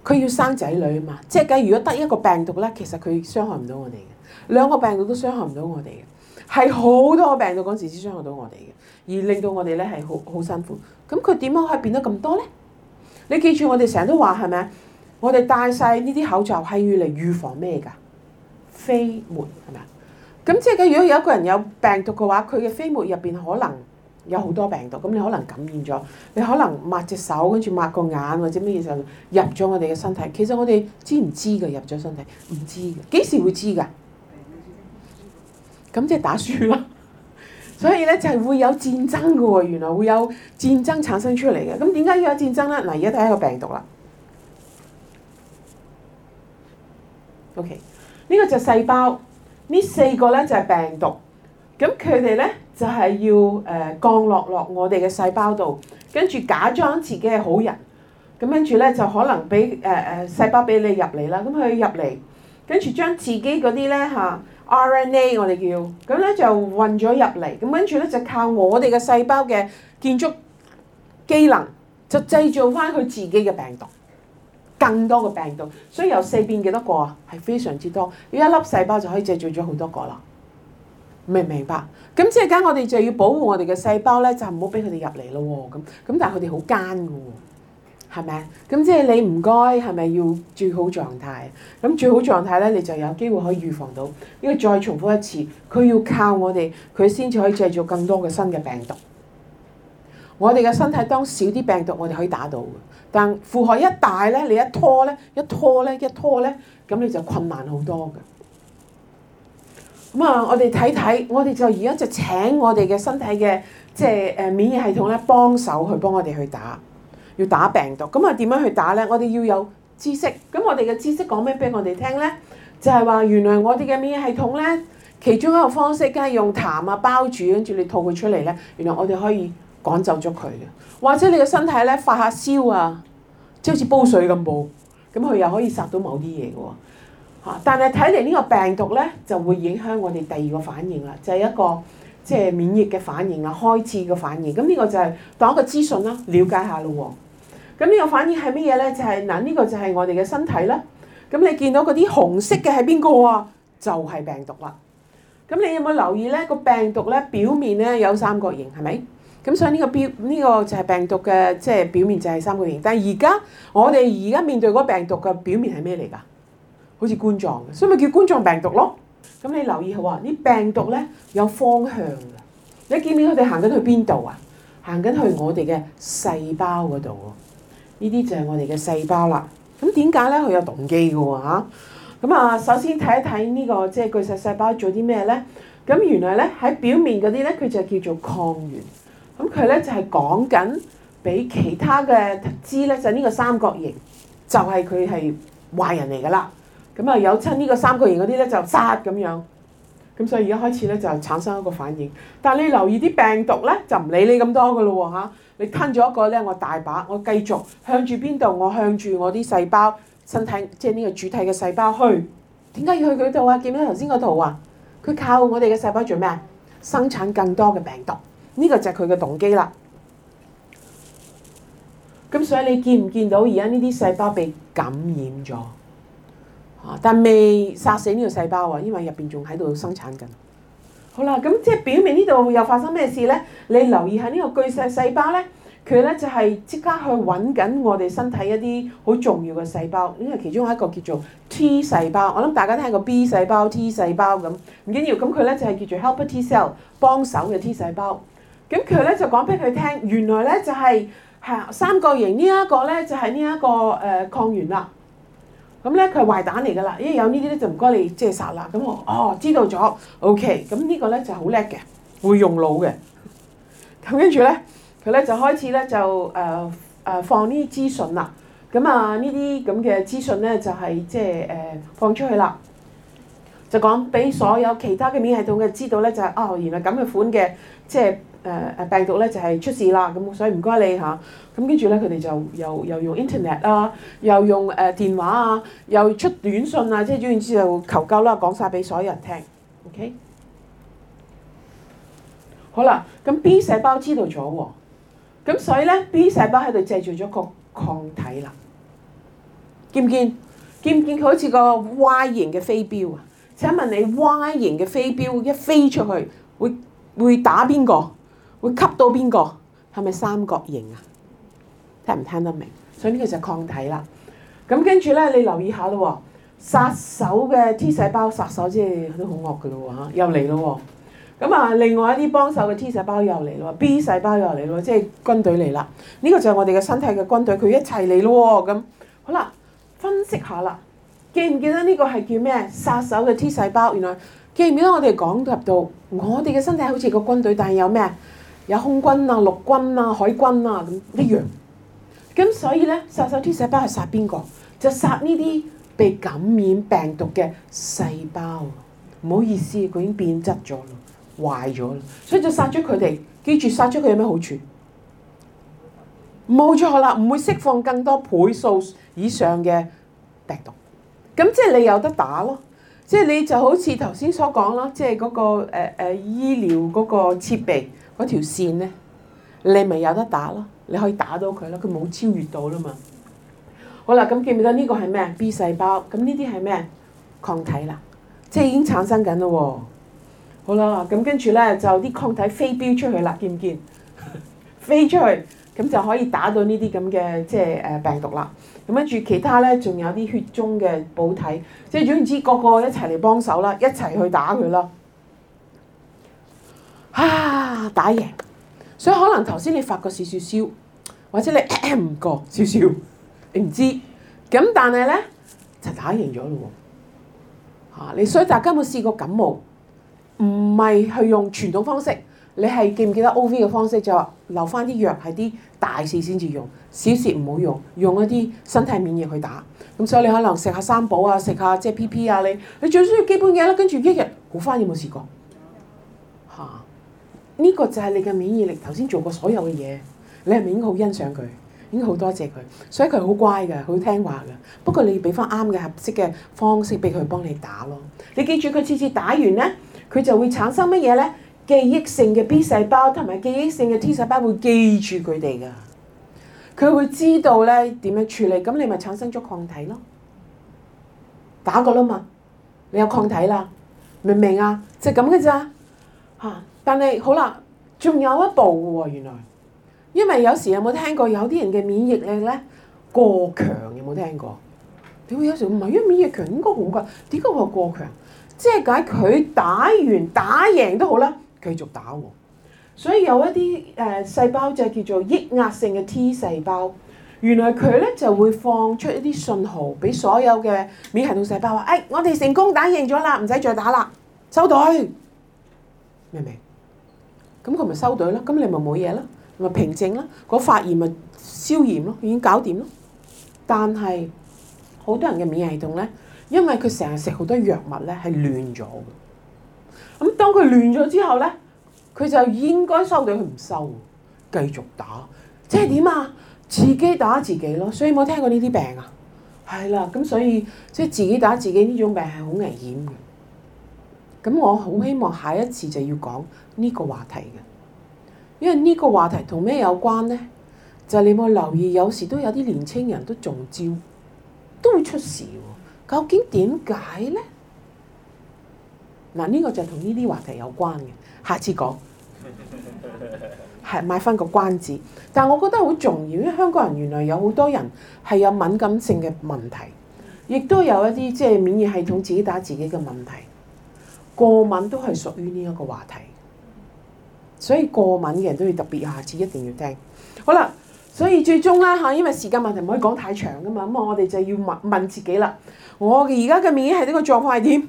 Speaker 1: 佢要生仔女啊嘛！即係咁，如果得一個病毒咧，其實佢傷害唔到我哋嘅；兩個病毒都傷害唔到我哋嘅，係好多個病毒嗰時先傷害到我哋嘅，而令到我哋咧係好好辛苦。咁佢點樣可以變得咁多咧？你記住我，我哋成日都話係咪啊？我哋戴晒呢啲口罩係要嚟預防咩㗎？飛沫係咪啊？咁即係咁，如果有一個人有病毒嘅話，佢嘅飛沫入邊可能。有好多病毒，咁你可能感染咗，你可能抹隻手，跟住抹個眼或者咩嘢時入咗我哋嘅身體。其實我哋知唔知㗎入咗身體？唔知㗎，幾時會知㗎？咁即係打輸咯。所以咧就係會有戰爭㗎喎，原來會有戰爭產生出嚟嘅。咁點解要有戰爭咧？嗱，而家睇下一個病毒啦。OK，呢個就細胞，呢四個咧就係病毒。咁佢哋咧就係、是、要誒、呃、降落落我哋嘅細胞度，跟住假裝自己係好人，咁跟住咧就可能俾誒誒細胞俾你入嚟啦。咁佢入嚟，跟住將自己嗰啲咧吓 RNA 我哋叫，咁咧就運咗入嚟。咁跟住咧就靠我哋嘅細胞嘅建築機能，就製造返佢自己嘅病毒，更多嘅病毒。所以由四變幾多個啊？係非常之多。要一粒細胞就可以製造咗好多個啦。明唔明白？咁即係講我哋就要保護我哋嘅細胞咧，就唔好俾佢哋入嚟咯。咁咁，但係佢哋好奸㗎喎，係咪？咁即係你唔該，係咪要最好狀態？咁最好狀態咧，你就有機會可以預防到。因為再重複一次，佢要靠我哋，佢先至可以製造更多嘅新嘅病毒。我哋嘅身體當少啲病毒，我哋可以打到嘅，但負荷一大咧，你一拖咧，一拖咧，一拖咧，咁你就困難好多嘅。咁、嗯、啊，我哋睇睇，我哋就而家就請我哋嘅身體嘅，即係誒免疫系統咧，幫手去幫我哋去打，要打病毒。咁啊，點樣去打咧？我哋要有知識。咁我哋嘅知識講咩俾我哋聽咧？就係話，原來我哋嘅免疫系統咧，其中一個方式，梗係用痰啊包住，跟住你吐佢出嚟咧。原來我哋可以趕走咗佢嘅。或者你嘅身體咧，發下燒啊，即係好似煲水咁煲，咁佢又可以殺到某啲嘢嘅喎。但係睇嚟呢個病毒咧，就會影響我哋第二個反應啦，就係、是、一個即係、就是、免疫嘅反應啦，開始嘅反應。咁呢個就係、是、當一個資訊啦，了解下咯喎。咁呢個反應係乜嘢咧？就係、是、嗱，呢、這個就係我哋嘅身體啦。咁你見到嗰啲紅色嘅係邊個啊？就係、是、病毒啦。咁你有冇留意咧？個病毒咧表面咧有三角形係咪？咁所以呢、這個表呢、這個就係病毒嘅即係表面就係三角形。但係而家我哋而家面對嗰個病毒嘅表面係咩嚟㗎？好似冠狀嘅，所以咪叫冠狀病毒咯。咁你留意下喎，啲病毒咧有方向嘅。你見唔見佢哋行緊去邊度啊？行緊去我哋嘅細胞嗰度啊！呢啲就係我哋嘅細胞啦。咁點解咧？佢有動機嘅喎嚇。咁啊，首先睇一睇呢個即係巨噬細胞做啲咩咧？咁原來咧喺表面嗰啲咧，佢就叫做抗原。咁佢咧就係講緊俾其他嘅知咧，就呢個三角形就係佢係壞人嚟嘅啦。咁啊，有親呢個三角形嗰啲咧就殺咁樣，咁所以而家開始咧就產生一個反應。但係你留意啲病毒咧，就唔理你咁多噶咯喎嚇。你吞咗一個咧，我大把，我繼續向住邊度？我向住我啲細胞、身體，即係呢個主體嘅細胞去。點解要去佢度啊？見到頭先個圖啊？佢靠我哋嘅細胞做咩啊？生產更多嘅病毒。呢個就係佢嘅動機啦。咁所以你見唔見到而家呢啲細胞被感染咗？但未殺死呢個細胞啊，因為入邊仲喺度生產緊。好啦，咁即係表面呢度又發生咩事咧？你留意下呢個巨細細胞咧，佢咧就係、是、即刻去揾緊我哋身體一啲好重要嘅細胞，因為其中一個叫做 T 細胞。我諗大家聽過 B 細胞、T 細胞，咁唔緊要。咁佢咧就係、是、叫做 helper T cell，幫手嘅 T 細胞。咁佢咧就講俾佢聽，原來咧就係、是、係三角形、這個、呢一、就是這個咧就係呢一個誒抗原啦。咁咧佢係壞蛋嚟㗎啦，因為有呢啲咧就唔該你即係殺啦。咁我哦知道咗，OK。咁呢個咧就好叻嘅，會用腦嘅。咁跟住咧，佢咧就開始咧就誒誒放呢啲資訊啦。咁啊呢啲咁嘅資訊咧就係即係誒放出去啦，就講俾所有其他嘅免系統嘅知道咧就係，哦原來咁嘅款嘅即係。誒、呃、誒病毒咧就係、是、出事啦，咁所以唔該你嚇。咁跟住咧，佢哋就又又用 internet 啦，又用誒、啊呃、電話啊，又出短信啊，即係總言之就求救啦，講晒俾所有人聽。OK，好啦，咁 B 細胞知道咗喎，咁所以咧 B 細胞喺度製造咗個抗體啦，見唔見？見唔見佢好似個 Y 型嘅飛鏢啊？請問你 Y 型嘅飛鏢一飛出去，一飛出去會會打邊個？會吸到邊個？係咪三角形啊？聽唔聽得明？所以呢個就係抗體啦。咁跟住咧，你留意下咯。殺手嘅 T 細胞，殺手即係都好惡嘅喎嚇，又嚟咯。咁啊，另外一啲幫手嘅 T 細胞又嚟咯，B 細胞又嚟咯，即係軍隊嚟啦。呢個就係我哋嘅身體嘅軍隊，佢一齊嚟咯。咁好啦，分析下啦。記唔記得呢個係叫咩？殺手嘅 T 細胞，原來記唔記得我哋講到入到，我哋嘅身體好似個軍隊，但係有咩？有空軍啊、陸軍啊、海軍啊咁一樣，咁所以咧殺手 T 細胞係殺邊個？就殺呢啲被感染病毒嘅細胞。唔好意思，佢已經變質咗啦，壞咗啦，所以就殺咗佢哋。記住殺咗佢有咩好處？冇錯啦，唔會釋放更多倍數以上嘅病毒。咁即係你有得打咯，即係你就好似頭先所講啦，即係嗰個誒誒醫療嗰個設備。嗰條線咧，你咪有得打咯，你可以打到佢咯，佢冇超越到啦嘛。好啦，咁記唔記得呢個係咩？B 細胞，咁呢啲係咩？抗體啦，即係已經產生緊咯。好啦，咁跟住咧就啲抗體飛飆出去啦，見唔見？ 飛出去，咁就可以打到呢啲咁嘅即係誒、呃、病毒啦。咁跟住其他咧，仲有啲血中嘅補體，即係總言之，個個一齊嚟幫手啦，一齊去打佢啦。.啊！打贏，所以可能頭先你發個少少燒，或者你咳咳唔過少少，你唔知，咁但係咧就打贏咗咯喎！你、啊，所以大家根本試過感冒，唔係去用傳統方式，你係記唔記得 O V 嘅方式就話留翻啲藥喺啲大事先至用，小事唔好用，用一啲身體免疫去打。咁所以你可能食下三寶啊，食下即係 P P 啊，你你最需要基本嘢啦。跟住一日估翻，有冇試過？呢、這個就係你嘅免疫力，頭先做過所有嘅嘢，你係咪已經好欣賞佢，已經好多謝佢，所以佢好乖嘅，好聽話嘅。不過你要俾翻啱嘅合適嘅方式俾佢幫你打咯。你記住，佢次次打完咧，佢就會產生乜嘢咧？記憶性嘅 B 細胞同埋記憶性嘅 T 細胞會記住佢哋㗎。佢會知道咧點樣處理，咁你咪產生咗抗體咯。打過啦嘛，你有抗體啦、嗯，明唔明啊？就咁嘅咋吓？啊但係好啦，仲有一步喎，原來，因為有時，有冇聽過有啲人嘅免疫力咧過強，有冇聽過？你會有時唔係因為免疫力強應該好㗎？點解話過強？即係解佢打完打贏都好啦，繼續打喎。所以有一啲誒、呃、細胞就係叫做抑壓性嘅 T 細胞，原來佢咧就會放出一啲信號俾所有嘅免疫系統細胞話：誒、哎，我哋成功打贏咗啦，唔使再打啦，收隊，明唔明？咁佢咪收隊咯，咁你咪冇嘢咯，咪平靜啦，個發炎咪消炎咯，已經搞掂咯。但係好多人嘅免疫系統咧，因為佢成日食好多藥物咧，係亂咗嘅。咁當佢亂咗之後咧，佢就應該收隊，佢唔收，繼續打，即係點啊？自己打自己咯。所以有冇聽過呢啲病啊，係啦。咁所以即係自己打自己呢種病係好危險嘅。咁我好希望下一次就要講呢個話題嘅，因為呢個話題同咩有關呢？就係、你有冇留意，有時都有啲年青人都中招，都會出事喎。究竟點解呢？嗱，呢、呢個就同呢啲話題有關嘅。下次講，係賣翻個關子。但我覺得好重要，因為香港人原來有好多人係有敏感性嘅問題，亦都有一啲即係免疫系統自己打自己嘅問題。過敏都係屬於呢一個話題，所以過敏嘅人都要特別，下次一定要聽。好啦，所以最終咧嚇，因為時間問題唔可以講太長噶嘛，咁啊我哋就要問問自己啦。我而家嘅免疫係呢個狀況係點？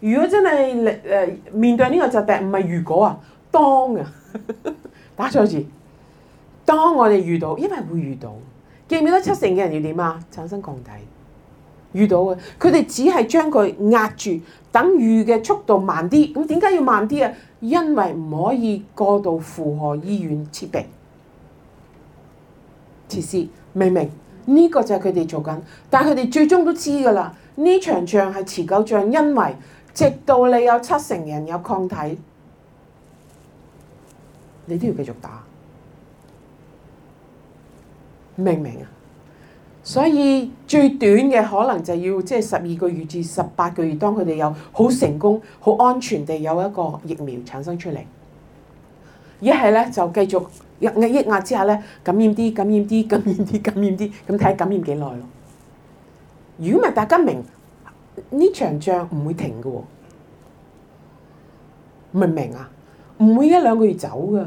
Speaker 1: 如果真係誒面對呢個疾病，唔係如果啊，當啊呵呵打錯字，當我哋遇到，因為會遇到，記唔記得七成嘅人要點啊？產生抗體。遇到嘅，佢哋只係將佢壓住，等遇嘅速度慢啲。咁點解要慢啲啊？因為唔可以過度負荷醫院設備設施，明明？呢個就係佢哋做緊，但係佢哋最終都知噶啦。呢場仗係持久仗，因為直到你有七成人有抗體，你都要繼續打，明唔明啊？所以最短嘅可能就要即係十二個月至十八個月，當佢哋有好成功、好安全地有一個疫苗產生出嚟。一係咧就繼續壓壓抑壓之下咧感染啲、感染啲、感染啲、感染啲，咁睇下感染幾耐咯。如果唔係大家明呢場仗唔會停嘅喎，明唔明啊？唔會一兩個月走㗎。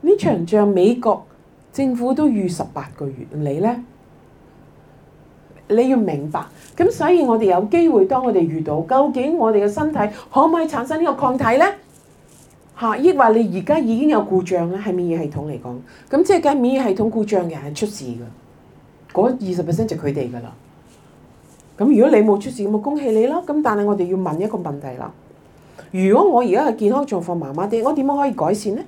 Speaker 1: 呢場仗美國政府都預十八個月，你咧？你要明白，咁所以我哋有機會當我哋遇到，究竟我哋嘅身體可唔可以產生呢個抗體咧？嚇，抑或你而家已經有故障咧？喺免疫系統嚟講，咁即係梗係免疫系統故障嘅人係出事噶。嗰二十 percent 就佢哋噶啦。咁如果你冇出事，咁咪恭喜你咯。咁但係我哋要問一個問題啦。如果我而家嘅健康狀況麻麻哋，我點樣可以改善咧？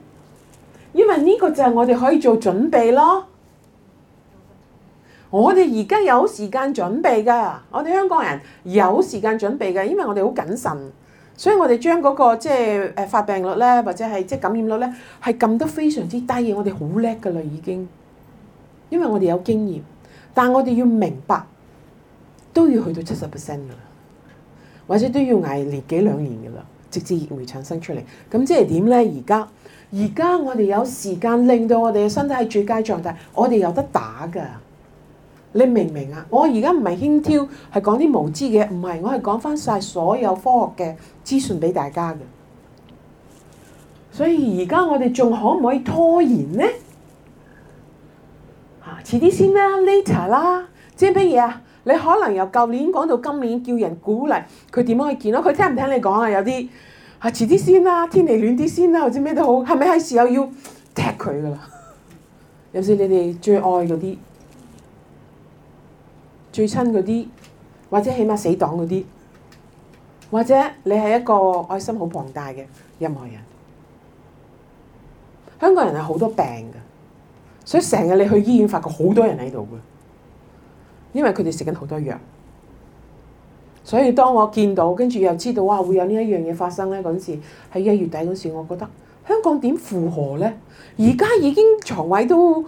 Speaker 1: 因為呢個就係我哋可以做準備咯。我哋而家有時間準備㗎，我哋香港人有時間準備㗎，因為我哋好謹慎，所以我哋將嗰個即係誒發病率咧，或者係即係感染率咧，係撳得非常之低嘅，我哋好叻㗎啦已經，因為我哋有經驗，但係我哋要明白，都要去到七十 percent 啦，或者都要捱年幾兩年㗎啦，直至疫苗產生出嚟。咁即係點咧？而家而家我哋有時間令到我哋嘅身體係最佳狀態，我哋有得打㗎。你明唔明啊？我而家唔係輕佻，係講啲無知嘅，唔係我係講翻晒所有科學嘅資訊俾大家嘅。所以而家我哋仲可唔可以拖延呢？嚇、啊，遲啲先啦，later 啦，即係乜嘢啊？你可能由舊年講到今年，叫人鼓勵佢點樣去見咯，佢聽唔聽你講啊？有啲嚇、啊、遲啲先啦，天氣暖啲先啦，或者咩都好，係咪係時候要踢佢㗎喇？有時你哋最愛嗰啲。最親嗰啲，或者起碼死黨嗰啲，或者你係一個愛心好龐大嘅任何人。香港人係好多病㗎，所以成日你去醫院發覺好多人喺度㗎，因為佢哋食緊好多藥。所以當我見到跟住又知道哇，會有呢一樣嘢發生咧嗰陣時，喺一月底嗰陣時，我覺得香港點負荷咧？而家已經床位都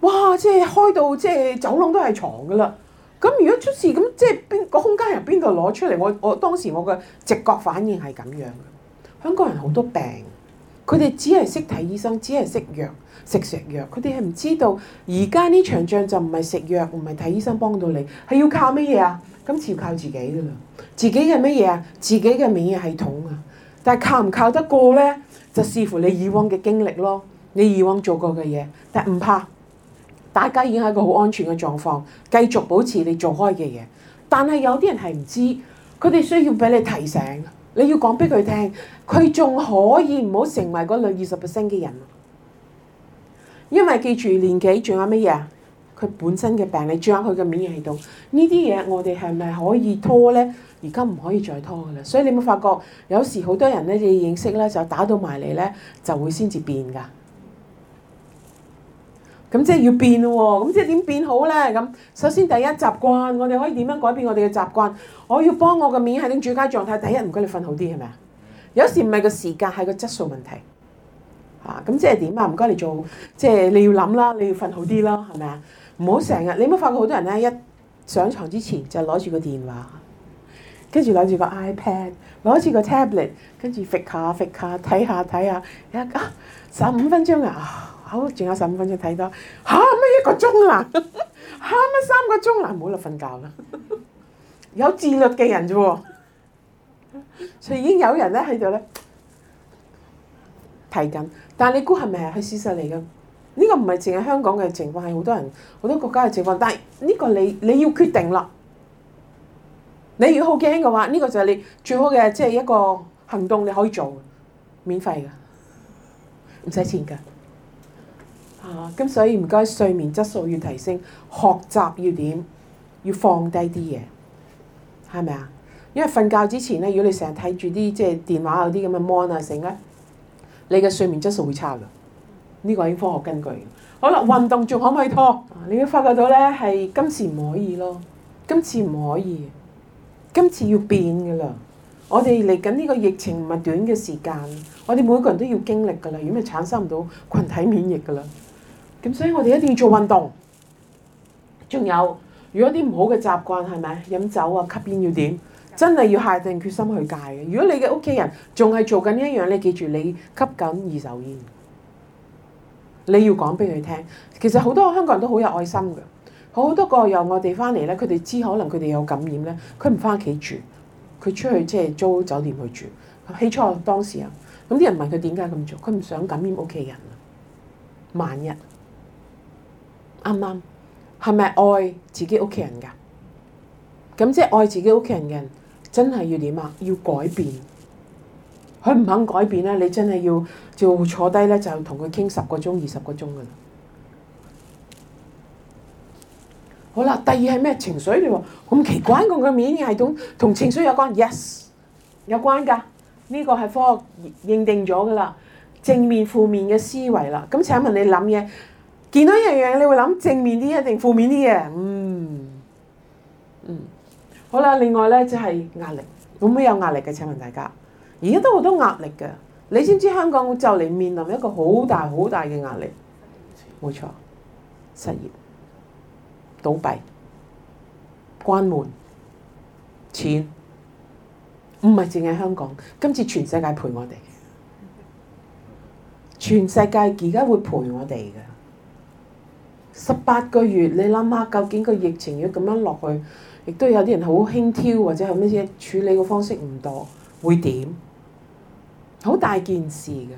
Speaker 1: 哇，即係開到即係走廊都係床㗎啦。咁如果出事咁，即係邊個空間由邊度攞出嚟？我我當時我嘅直覺反應係咁樣嘅。香港人好多病，佢哋只係識睇醫生，只係識藥，食成藥。佢哋係唔知道而家呢場仗就唔係食藥，唔係睇醫生幫到你，係要靠乜嘢啊？咁全靠自己噶啦，自己嘅乜嘢啊？自己嘅免疫系統啊。但係靠唔靠得過呢？就視乎你以往嘅經歷咯，你以往做過嘅嘢。但唔怕。大家已經係一個好安全嘅狀況，繼續保持你做開嘅嘢。但係有啲人係唔知道，佢哋需要俾你提醒。你要講俾佢聽，佢仲可以唔好成為嗰類二十 percent 嘅人。因為記住年紀仲有乜嘢啊？佢本身嘅病，你仲有佢嘅免疫系統。呢啲嘢我哋係咪可以拖呢？而家唔可以再拖噶啦。所以你冇發覺？有時好多人咧，你的認識咧，就打到埋嚟呢，就會先至變噶。咁即係要變咯喎，咁即係點變好咧？咁首先第一習慣，我哋可以點樣改變我哋嘅習慣？我要幫我嘅面喺啲最佳狀態，第一唔該你瞓好啲係咪啊？有時唔係個時間，係個質素問題嚇。咁即係點啊？唔該你做，即係你要諗啦，你要瞓好啲啦，係咪啊？唔好成日，你冇發覺好多人咧，一上床之前就攞住個電話，跟住攞住個 iPad，攞住個 tablet，跟住揈下揈下睇下睇下，一十五分鐘啊！好，仲有十五分鐘睇到嚇乜、啊、一個鐘啦嚇乜三個鐘啦，唔好啦瞓覺啦。有自律嘅人啫喎，所以已經有人咧喺度咧睇緊。但係你估係咪係去事實嚟㗎？呢、呢個唔係淨係香港嘅情況，係好多人好多國家嘅情況。但係呢個你你要決定啦。你如果好驚嘅話，呢、呢個就係你最好嘅，即、就、係、是、一個行動你可以做，免費㗎，唔使錢㗎。啊！咁所以唔該，睡眠質素要提升，學習要點？要放低啲嘢，係咪啊？因為瞓覺之前咧，如果你成日睇住啲即係電話有啲咁嘅 mon 啊成咧，你嘅睡眠質素會差嘅。呢個已經科學根據。好啦，運動仲可唔可以拖？你會發覺到咧，係今次唔可以咯，今次唔可以，今次要變嘅啦。我哋嚟緊呢個疫情唔係短嘅時間，我哋每個人都要經歷嘅啦，如果唔係產生唔到群體免疫嘅啦。咁所以，我哋一定要做運動。仲有，如果啲唔好嘅習慣係咪飲酒啊、吸煙要點？真係要下定決心去戒嘅。如果你嘅屋企人仲係做緊呢一樣，你記住，你吸緊二手煙，你要講俾佢聽。其實好多香港人都好有愛心嘅，好多個由我哋翻嚟咧，佢哋知可能佢哋有感染咧，佢唔翻屋企住，佢出去即係租酒店去住。起初當時啊，咁啲人問佢點解咁做，佢唔想感染屋企人啊。萬一。啱啱係咪愛自己屋企人噶？咁即係愛自己屋企人嘅人，真係要點啊？要改變。佢唔肯改變咧，你真係要就坐低咧，就同佢傾十個鐘、二十個鐘噶啦。好啦，第二係咩情緒你話？咁奇怪，咁嘅免疫系統同情緒有關？Yes，有關噶。呢個係科學認定咗噶啦。正面、負面嘅思維啦。咁請問你諗嘢？見到一樣嘢，你會諗正面啲一定，負面啲嘅。嗯，嗯，好啦，另外咧就係、是、壓力，有冇有壓力嘅？請問大家，而家都好多壓力㗎，你知唔知香港就嚟面臨一個好大好大嘅壓力？冇錯，失業、倒閉、關門、錢，唔係淨係香港，今次全世界陪我哋，全世界而家會陪我哋嘅。十八個月，你諗下，究竟個疫情如果咁樣落去，亦都有啲人好輕佻，或者係乜嘢處理個方式唔妥，會點？好大件事㗎，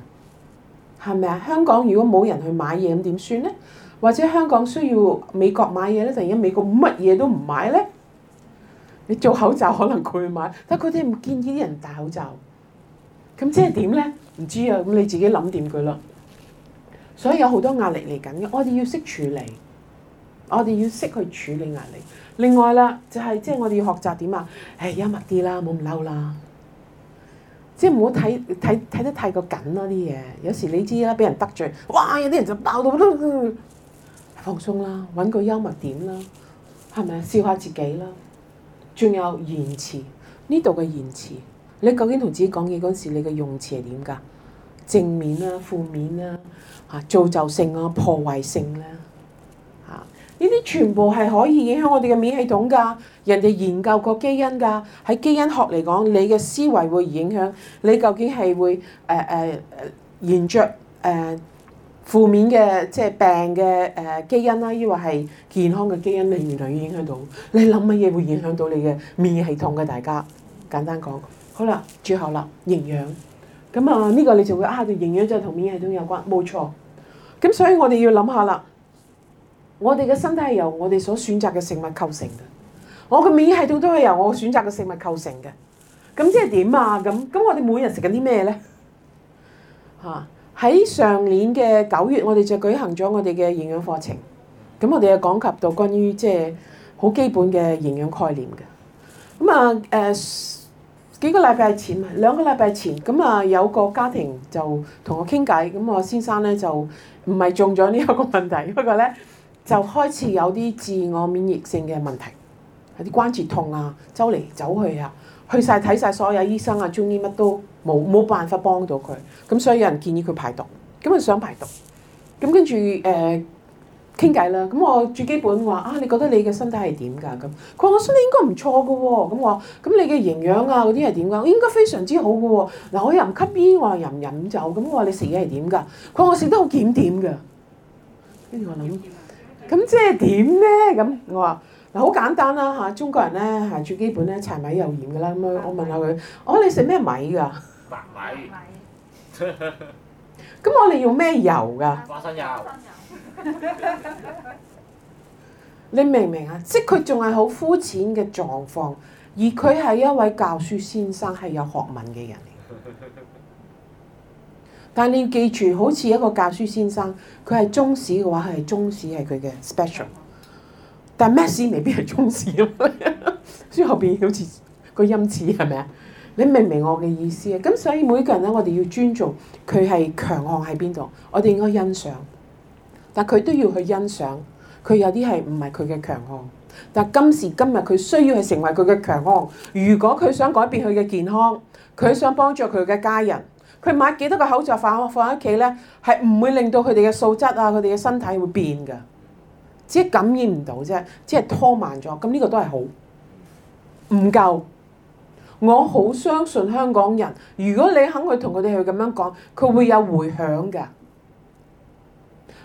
Speaker 1: 係咪啊？香港如果冇人去買嘢，咁點算咧？或者香港需要美國買嘢咧，突然間美國乜嘢都唔買咧？你做口罩可能佢買，但佢哋唔建議啲人戴口罩。咁即係點咧？唔知啊，咁你自己諗掂佢啦。所以有好多壓力嚟緊嘅，我哋要識處理，我哋要識去處理壓力。另外啦，就係即係我哋要學習點啊，誒幽默啲啦，冇咁嬲啦，即係唔好睇睇睇得太過緊啦啲嘢。有時你知啦，俾人得罪，哇，有啲人就爆到、嗯，放鬆啦，揾個幽默點啦，係咪啊？笑下自己啦。仲有言詞呢度嘅言詞，你究竟同自己講嘢嗰時，你嘅用詞係點㗎？正面啊，負面啊？嚇造就性啊，破壞性咧，嚇呢啲全部係可以影響我哋嘅免疫系統㗎。人哋研究過基因㗎，喺基因學嚟講，你嘅思維會影響你究竟係會誒誒沿著誒負面嘅即係病嘅誒、呃、基因啦，抑或係健康嘅基因，你原來要影響到你諗乜嘢會影響到你嘅免疫系統嘅，大家簡單講。好啦，最後啦，營養。咁啊，呢個你就會啊，就營養就係同免疫系統有關，冇錯。咁所以我哋要諗下啦，我哋嘅身體係由我哋所選擇嘅食物構成嘅，我嘅免疫系統都係由我選擇嘅食物構成嘅。咁即係點啊？咁咁我哋每日食緊啲咩咧？嚇！喺上年嘅九月，我哋就舉行咗我哋嘅營養課程。咁我哋又講及到關於即係好基本嘅營養概念嘅。咁啊，誒、呃。幾個禮拜前，兩個禮拜前咁啊，有個家庭就同我傾偈，咁我先生咧就唔係中咗呢一個問題，不過咧就開始有啲自我免疫性嘅問題，有啲關節痛啊，走嚟走去啊，去晒睇晒所有醫生啊，中醫乜都冇冇辦法幫到佢，咁所以有人建議佢排毒，咁啊想排毒，咁跟住誒。呃傾偈啦，咁我最基本話啊，你覺得你嘅身體係點㗎？咁佢話我身體應該唔錯㗎喎，咁我咁你嘅營養啊嗰啲係點㗎？我應該非常之好㗎喎。嗱，我又唔吸煙，我又唔飲酒，咁我話你食嘢係點㗎？佢話我食得好檢點㗎。跟住我諗，咁即係點咧？咁我話嗱好簡單啦嚇，中國人咧係最基本咧柴米油鹽㗎啦。咁我我問下佢，哦，你食咩米㗎？白米。咁 我哋用咩油㗎？花生油。 你明唔明啊？即係佢仲係好膚淺嘅狀況，而佢係一位教書先生，係有學問嘅人。但你要記住，好似一個教書先生，佢係中史嘅話係中史係佢嘅 special，但係咩史未必係中史啊嘛。所以後邊好似個音次係咪啊？你明唔明我嘅意思啊？咁所以每個人咧，我哋要尊重佢係強項喺邊度，我哋應該欣賞。但佢都要去欣賞，佢有啲係唔係佢嘅強項。但今時今日佢需要係成為佢嘅強項。如果佢想改變佢嘅健康，佢想幫助佢嘅家人，佢買幾多個口罩放放喺屋企咧，係唔會令到佢哋嘅素質啊、佢哋嘅身體會變嘅，只係感染唔到啫，只係拖慢咗。咁呢個都係好，唔夠。我好相信香港人，如果你肯去同佢哋去咁樣講，佢會有回響嘅。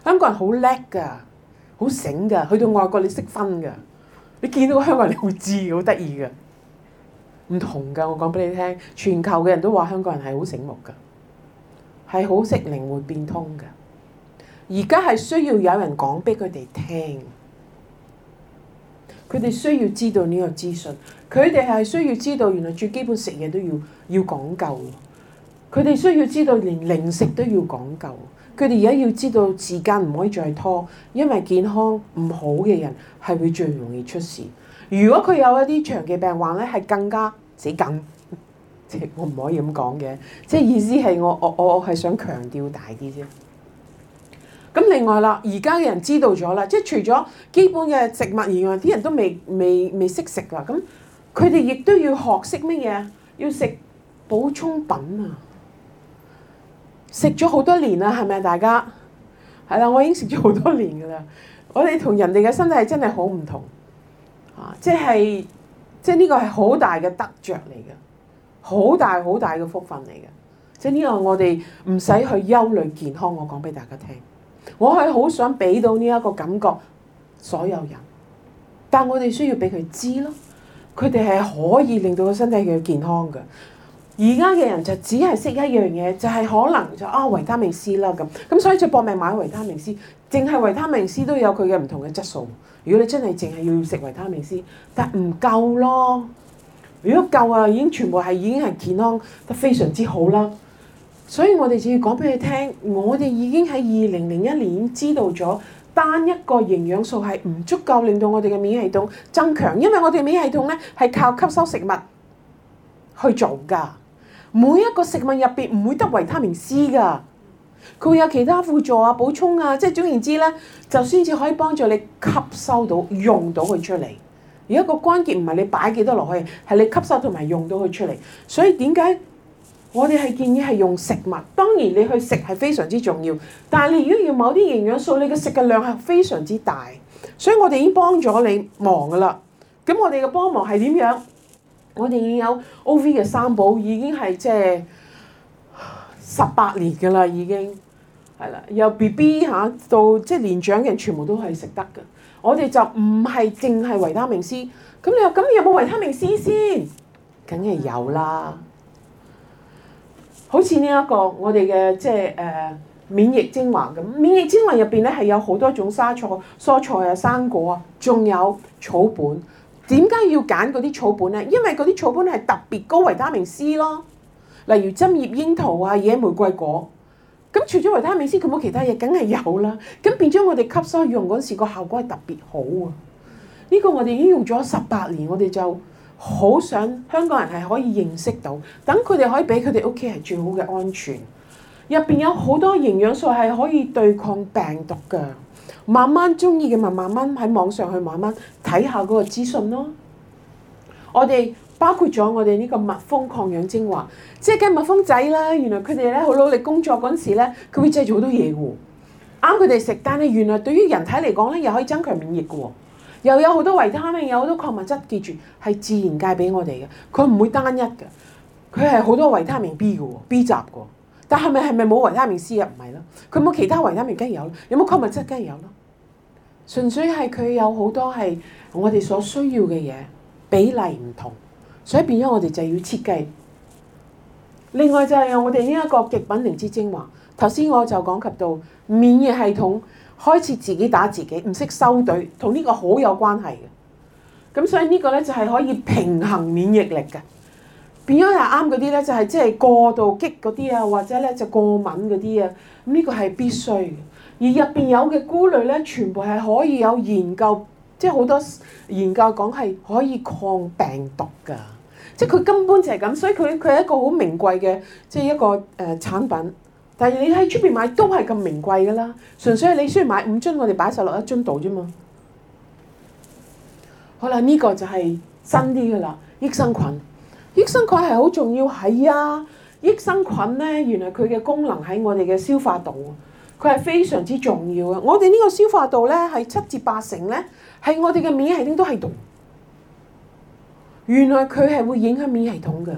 Speaker 1: 香港人好叻㗎，好醒㗎。去到外國你識分㗎，你見到香港人你會知，好得意㗎。唔同㗎，我講畀你聽，全球嘅人都話香港人係好醒目㗎，係好識靈活變通㗎。而家係需要有人講畀佢哋聽，佢哋需要知道呢個資訊。佢哋係需要知道原來最基本食嘢都要要講究，佢哋需要知道連零食都要講究。佢哋而家要知道時間唔可以再拖，因為健康唔好嘅人係會最容易出事。如果佢有一啲長期病患咧，係更加死梗。即我唔可以咁講嘅，即係意思係我我我係想強調大啲啫。咁另外啦，而家嘅人知道咗啦，即係除咗基本嘅食物以外，啲人都未未未識食啦。咁佢哋亦都要學識乜嘢？要食補充品啊！食咗好多年啦，係咪？大家，係啦，我已經食咗好多年噶啦。我哋同人哋嘅身體真係好唔同啊！即係即係呢個係好大嘅得着嚟嘅，好大好大嘅福分嚟嘅。即係呢個我哋唔使去憂慮健康，我講俾大家聽。我係好想俾到呢一個感覺所有人，但我哋需要俾佢知咯，佢哋係可以令到個身體嘅健康嘅。而家嘅人就只係識一樣嘢，就係可能就啊維他命 C 啦咁，咁所以就搏命買維他命 C。淨係維他命 C 都有佢嘅唔同嘅質素。如果你真係淨係要食維他命 C，但唔夠咯。如果夠啊，已經全部係已經係健康得非常之好啦。所以我哋只要講俾你聽，我哋已經喺二零零一年知道咗單一個營養素係唔足夠令到我哋嘅免疫系統增強，因為我哋免疫系統咧係靠吸收食物去做㗎。每一個食物入邊唔會得維他命 C 㗎，佢會有其他輔助啊、補充啊，即係總言之咧，就先至可以幫助你吸收到、用到佢出嚟。而一個關節唔係你擺幾多落去，係你吸收同埋用到佢出嚟。所以點解我哋係建議係用食物？當然你去食係非常之重要，但係你如果要某啲營養素，你嘅食嘅量係非常之大。所以我哋已經幫咗你忙㗎喇。咁我哋嘅幫忙係點樣？我哋已經有 OV 嘅三寶，已經係即係十八年嘅啦，已經係啦。由 BB 吓，到即係年長嘅人，全部都係食得嘅。我哋就唔係淨係維他命 C。咁你又咁有冇維他命 C 先？梗係有啦。好似呢一個我哋嘅即係誒免疫精華咁，免疫精華入邊咧係有好多種沙菜、蔬菜啊、生果啊，仲有草本。點解要揀嗰啲草本呢？因為嗰啲草本係特別高維他命 C 咯，例如針葉櫻桃啊、野玫瑰果。咁除咗維他命 C，佢冇其他嘢，梗係有啦。咁變咗我哋吸收用嗰時個效果係特別好啊！呢個我哋已經用咗十八年，我哋就好想香港人係可以認識到，等佢哋可以俾佢哋屋企係最好嘅安全。入邊有好多營養素係可以對抗病毒㗎。慢慢中意嘅咪慢慢喺網上去慢慢睇下嗰個資訊咯。我哋包括咗我哋呢個蜜蜂抗氧精華，即係蜜蜂仔啦。原來佢哋咧好努力工作嗰陣時咧，佢會製造好多嘢嘅。啱佢哋食，但係原來對於人體嚟講咧，又可以增強免疫嘅。又有好多維他命，有好多礦物質，記住係自然界俾我哋嘅，佢唔會單一嘅。佢係好多維他命 B 嘅喎，B 集嘅。但係咪係咪冇維他命 C 啊？唔係咯，佢冇其他維他命，梗有。有冇礦物質，梗有啦。純粹係佢有好多係我哋所需要嘅嘢，比例唔同，所以變咗我哋就要設計。另外就係我哋呢一個極品靈芝精華，頭先我就講及到免疫系統開始自己打自己，唔識收隊，同呢個好有關係嘅。咁所以呢個咧就係可以平衡免疫力嘅。變咗係啱嗰啲咧，就係即係過度激嗰啲啊，或者咧就過敏嗰啲啊，咁呢個係必須嘅。而入邊有嘅菇類咧，全部係可以有研究，即係好多研究講係可以抗病毒㗎，即係佢根本就係咁，所以佢佢係一個好名貴嘅，即係一個誒、呃、產品。但係你喺出邊買都係咁名貴㗎啦，純粹係你需要買五樽，我哋擺晒落一樽度啫嘛。好啦，呢、呢個就係新啲嘅啦，益生菌。益生菌係好重要，係啊！益生菌咧，原來佢嘅功能喺我哋嘅消化道。佢係非常之重要嘅，我哋呢個消化道咧係七至八成咧，係我哋嘅免疫系統都係毒。原來佢係會影響免疫系統嘅，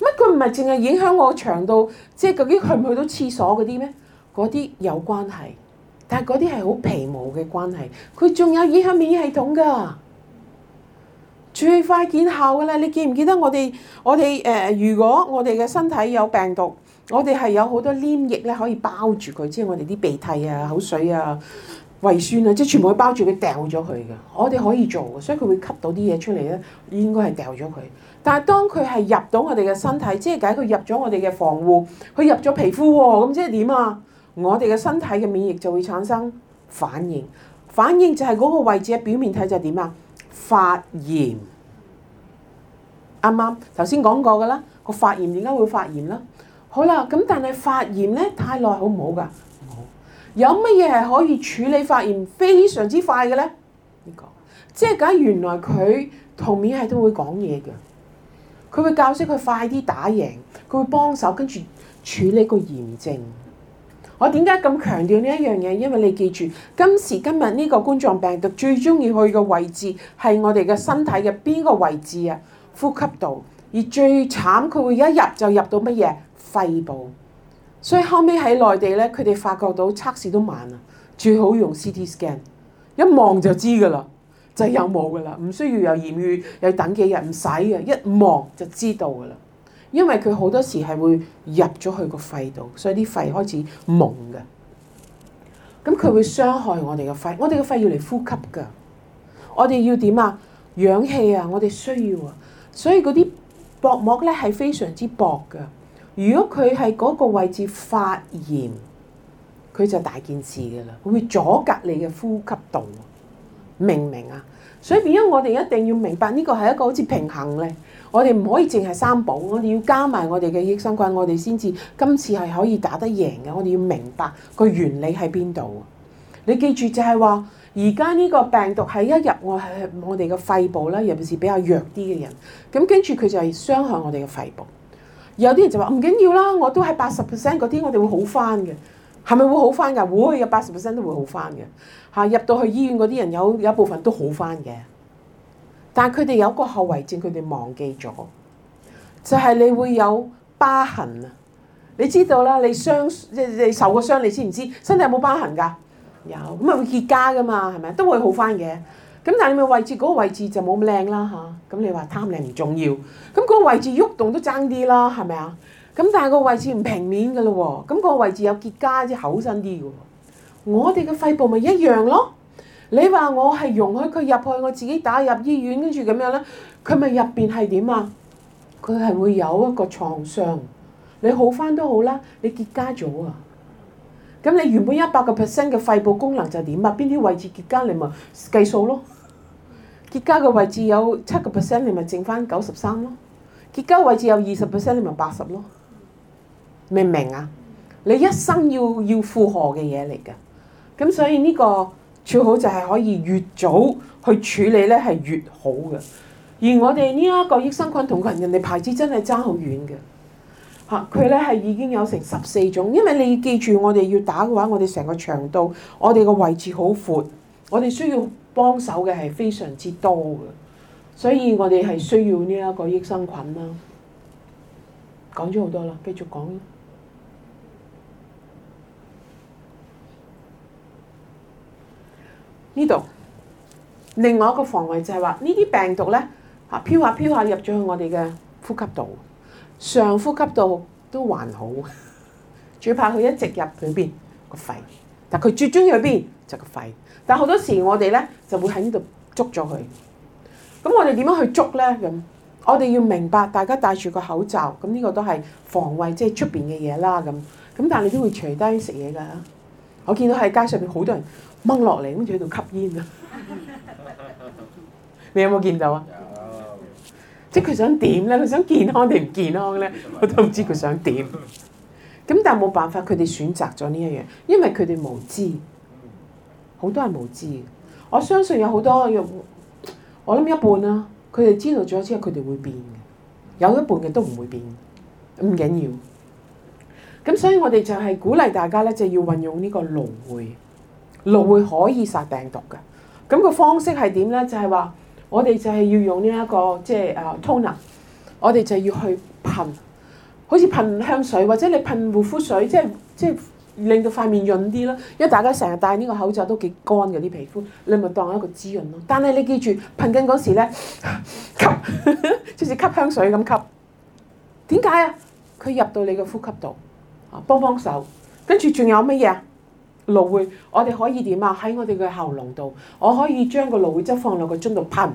Speaker 1: 乜佢唔係淨係影響我的腸道，即係究竟去唔去到廁所嗰啲咩？嗰啲有關係，但係嗰啲係好皮毛嘅關係，佢仲有影響免疫系統㗎。最快見效㗎啦！你記唔記得我哋？我哋誒、呃，如果我哋嘅身體有病毒。我哋係有好多黏液咧，可以包住佢，即係我哋啲鼻涕啊、口水啊、胃酸啊，即係全部包住佢，掉咗佢嘅。我哋可以做嘅，所以佢會吸到啲嘢出嚟咧，應該係掉咗佢。但係當佢係入到我哋嘅身體，即係解佢入咗我哋嘅防護，佢入咗皮膚喎、啊，咁即係點啊？我哋嘅身體嘅免疫就會產生反應，反應就係嗰個位置嘅表面體就係點啊？發炎，啱啱頭先講過嘅啦，個發炎點解會發炎咧？好啦，咁但係發炎咧太耐好唔好噶？冇有乜嘢係可以處理發炎非常之快嘅咧？呢、這個即係假如原來佢頭面係都會講嘢嘅，佢會教識佢快啲打贏，佢會幫手跟住處理個炎症。我點解咁強調呢一樣嘢？因為你記住，今時今日呢個冠狀病毒最中意去嘅位置係我哋嘅身體嘅邊個位置啊？呼吸道。而最慘，佢會一入就入到乜嘢？肺部，所以後尾喺內地咧，佢哋發覺到測試都慢啦，最好用 CT scan 一望就知噶啦，就係有冇噶啦，唔需要有驗血，又等幾日唔使嘅，一望就知道噶啦。因為佢好多時係會入咗去個肺度，所以啲肺開始蒙噶。咁佢會傷害我哋嘅肺，我哋嘅肺要嚟呼吸噶，我哋要點啊？氧氣啊，我哋需要啊，所以嗰啲薄膜咧係非常之薄噶。如果佢喺嗰個位置發炎，佢就大件事噶啦，佢會阻隔你嘅呼吸道，明唔明啊？所以變咗我哋一定要明白呢個係一個好似平衡咧，我哋唔可以淨係三寶，我哋要加埋我哋嘅益生菌，我哋先至今次係可以打得贏嘅。我哋要明白個原理喺邊度。你記住就係話，而家呢個病毒係一入是我係我哋嘅肺部咧，尤其是比較弱啲嘅人，咁跟住佢就係傷害我哋嘅肺部。有啲人就話唔緊要啦，我都係八十 percent 嗰啲，我哋會好翻嘅，係咪會好翻㗎？會有八十 percent 都會好翻嘅，嚇入到去醫院嗰啲人有有一部分都好翻嘅，但係佢哋有個後遺症，佢哋忘記咗，就係、是、你會有疤痕啊！你知道啦，你傷即係你受過傷，你知唔知身體有冇疤痕㗎？有咁啊，會結痂㗎嘛，係咪都會好翻嘅？咁但係你咪位置嗰個位置就冇咁靚啦嚇，咁你話貪靚唔重要，咁個位置喐動都爭啲啦，係咪啊？咁但係個位置唔平面嘅咯喎，咁個位置有結痂，即係厚身啲嘅喎。我哋嘅肺部咪一樣咯，你話我係容許佢入去，我自己打入醫院跟住咁樣咧，佢咪入邊係點啊？佢係會有一個創傷，你好翻都好啦，你結痂咗啊？咁你原本一百個 percent 嘅肺部功能就點啊？邊啲位置結痂，你咪計數咯。結痂嘅位置有七個 percent，你咪剩翻九十三咯。結痂位置有二十 percent，你咪八十咯。明唔明啊？你一生要要負荷嘅嘢嚟㗎，咁所以呢個最好就係可以越早去處理咧，係越好嘅。而我哋呢一個益生菌同佢人哋牌子真係爭好遠嘅，吓佢咧係已經有成十四種，因為你記住我哋要打嘅話，我哋成個腸道，我哋個位置好闊，我哋需要。幫手嘅係非常之多嘅，所以我哋係需要呢一個益生菌啦。講咗好多啦，繼續講。呢度，另外一個防衛就係話呢啲病毒咧，啊飄下飄下入咗去我哋嘅呼吸道，上呼吸道都還好，最怕佢一直入裏面個肺。但佢最中意去邊就個肺，但好多時我哋咧就會喺呢度捉咗佢。咁我哋點樣去捉咧？咁我哋要明白，大家戴住個口罩，咁呢個都係防衞，即係出邊嘅嘢啦。咁咁但係你都會除低食嘢㗎。我見到喺街上邊好多人掹落嚟，跟住喺度吸煙啊！你有冇見到啊？有，即係佢想點咧？佢想健康定唔健康咧？我都唔知佢想點。咁但係冇辦法，佢哋選擇咗呢一樣，因為佢哋無知，好多係無知嘅。我相信有好多用，我諗一半啦、啊，佢哋知道咗之後，佢哋會變嘅；有一半嘅都唔會變，唔緊要。咁所以我哋就係鼓勵大家咧，就要運用呢個蘆薈，蘆薈可以殺病毒嘅。咁、那個方式係點咧？就係、是、話我哋就係要用呢、這、一個即係誒 toner 我哋就要去噴。好似噴香水或者你噴護膚水，即係即係令到塊面潤啲咯。因為大家成日戴呢個口罩都幾乾嘅啲皮膚，你咪當一個滋潤咯。但係你記住噴緊嗰時咧，吸即係吸香水咁吸。點解啊？佢入到你個呼吸道啊，幫幫手。跟住仲有乜嘢啊？蘆薈，我哋可以點啊？喺我哋嘅喉嚨度，我可以將個蘆薈汁放落個樽度噴。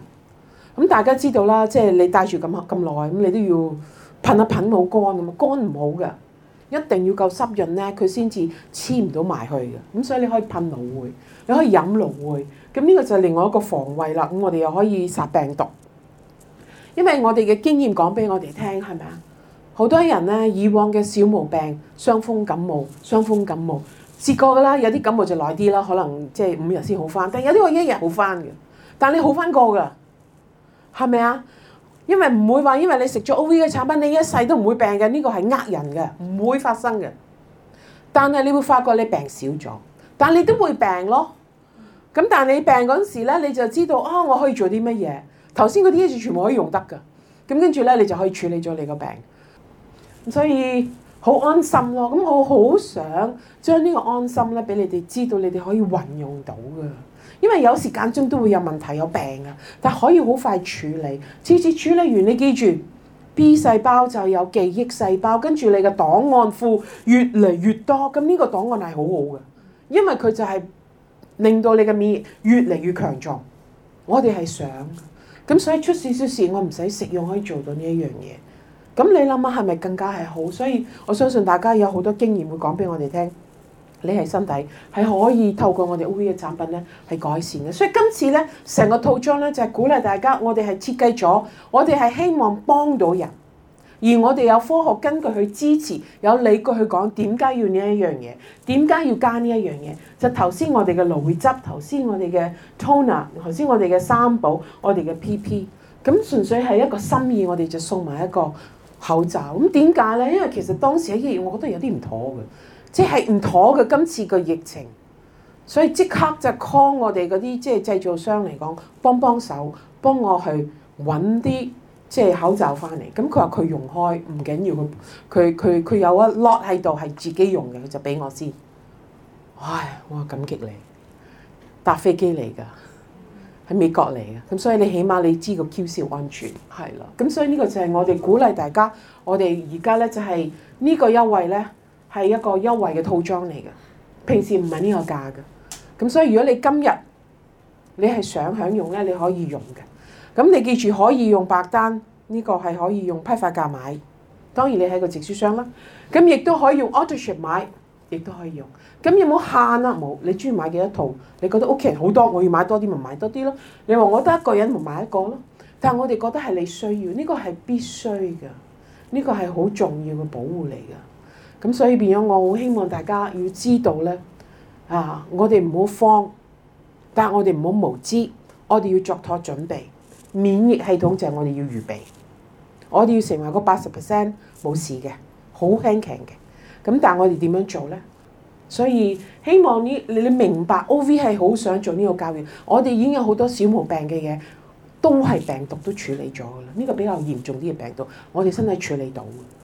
Speaker 1: 咁大家知道啦，即係你戴住咁咁耐，咁你都要。噴啊噴冇乾咁啊，乾唔好嘅，一定要夠濕潤咧，佢先至黐唔到埋去嘅。咁所以你可以噴蘆薈，你可以飲蘆薈。咁呢個就係另外一個防衛啦。咁我哋又可以殺病毒，因為我哋嘅經驗講俾我哋聽，係咪啊？好多人咧，以往嘅小毛病，傷風感冒、傷風感冒，試過噶啦。有啲感冒就耐啲啦，可能即係五日先好翻，但有啲我一日好翻嘅。但你好翻過噶，係咪啊？因為唔會話，因為你食咗 OV 嘅產品，你一世都唔會病嘅。呢個係呃人嘅，唔會發生嘅。但係你會發覺你病少咗，但你都會病咯。咁但係你病嗰陣時咧，你就知道啊，哦，我可以做啲乜嘢。頭先嗰啲嘢全部可以用得嘅。咁跟住咧，你就可以處理咗你個病。所以好安心咯。咁我好想將呢個安心咧，俾你哋知道，你哋可以運用到嘅。因為有時間中都會有問題有病啊，但可以好快處理。次次處理完，你記住 B 細胞就有記憶細胞，跟住你嘅檔案庫越嚟越多，咁呢個檔案係好好嘅，因為佢就係令到你嘅免疫越嚟越強壯。我哋係想的，咁所以出少少事，我唔使食用可以做到呢一樣嘢。咁你諗下係咪更加係好？所以我相信大家有好多經驗會講俾我哋聽。你係心底，係可以透過我哋 O V 嘅產品咧係改善嘅，所以今次咧成個套裝咧就係鼓勵大家，我哋係設計咗，我哋係希望幫到人，而我哋有科學根據去支持，有理據去講點解要呢一樣嘢，點解要加呢一樣嘢？就頭、是、先我哋嘅蘆薈汁，頭先我哋嘅 Toner，頭先我哋嘅三寶，我哋嘅 PP，咁純粹係一個心意，我哋就送埋一個口罩。咁點解咧？因為其實當時喺呢樣，我覺得有啲唔妥嘅。.即係唔妥嘅今次個疫情，所以即刻就 call 我哋嗰啲即係製造商嚟講，幫幫手，幫我去揾啲即係口罩翻嚟。咁佢話佢用開唔緊要，佢佢佢佢有一 lot 喺度係自己用嘅，佢就俾我知。唉，我感激你，搭飛機嚟㗎，喺美國嚟嘅。咁所以你起碼你知個 QC 安全係啦。咁所以呢個就係我哋鼓勵大家，我哋而家呢就係呢個優惠呢。係一個優惠嘅套裝嚟嘅，平時唔係呢個價嘅。咁所以如果你今日你係想享用咧，你可以用嘅。咁你記住可以用白單，呢個係可以用批發價買。當然你係個直銷商啦。咁亦都可以用 AutoShip 買，亦都可以用。咁有冇限啊？冇。你中意買幾多套？你覺得屋企人好多，我要買多啲咪買多啲咯。你話我得一個人咪買一個咯。但係我哋覺得係你需要，呢個係必須嘅，呢個係好重要嘅保護嚟嘅。咁所以變咗，我好希望大家要知道咧，啊，我哋唔好慌，但係我哋唔好無知，我哋要作妥準備，免疫系統就係我哋要預備，我哋要成為個八十 percent 冇事嘅，好輕強嘅。咁但係我哋點樣做咧？所以希望你你你明白，OV 係好想做呢個教育。我哋已經有好多小毛病嘅嘢，都係病毒都處理咗噶啦。呢個比較嚴重啲嘅病毒，我哋身體處理到。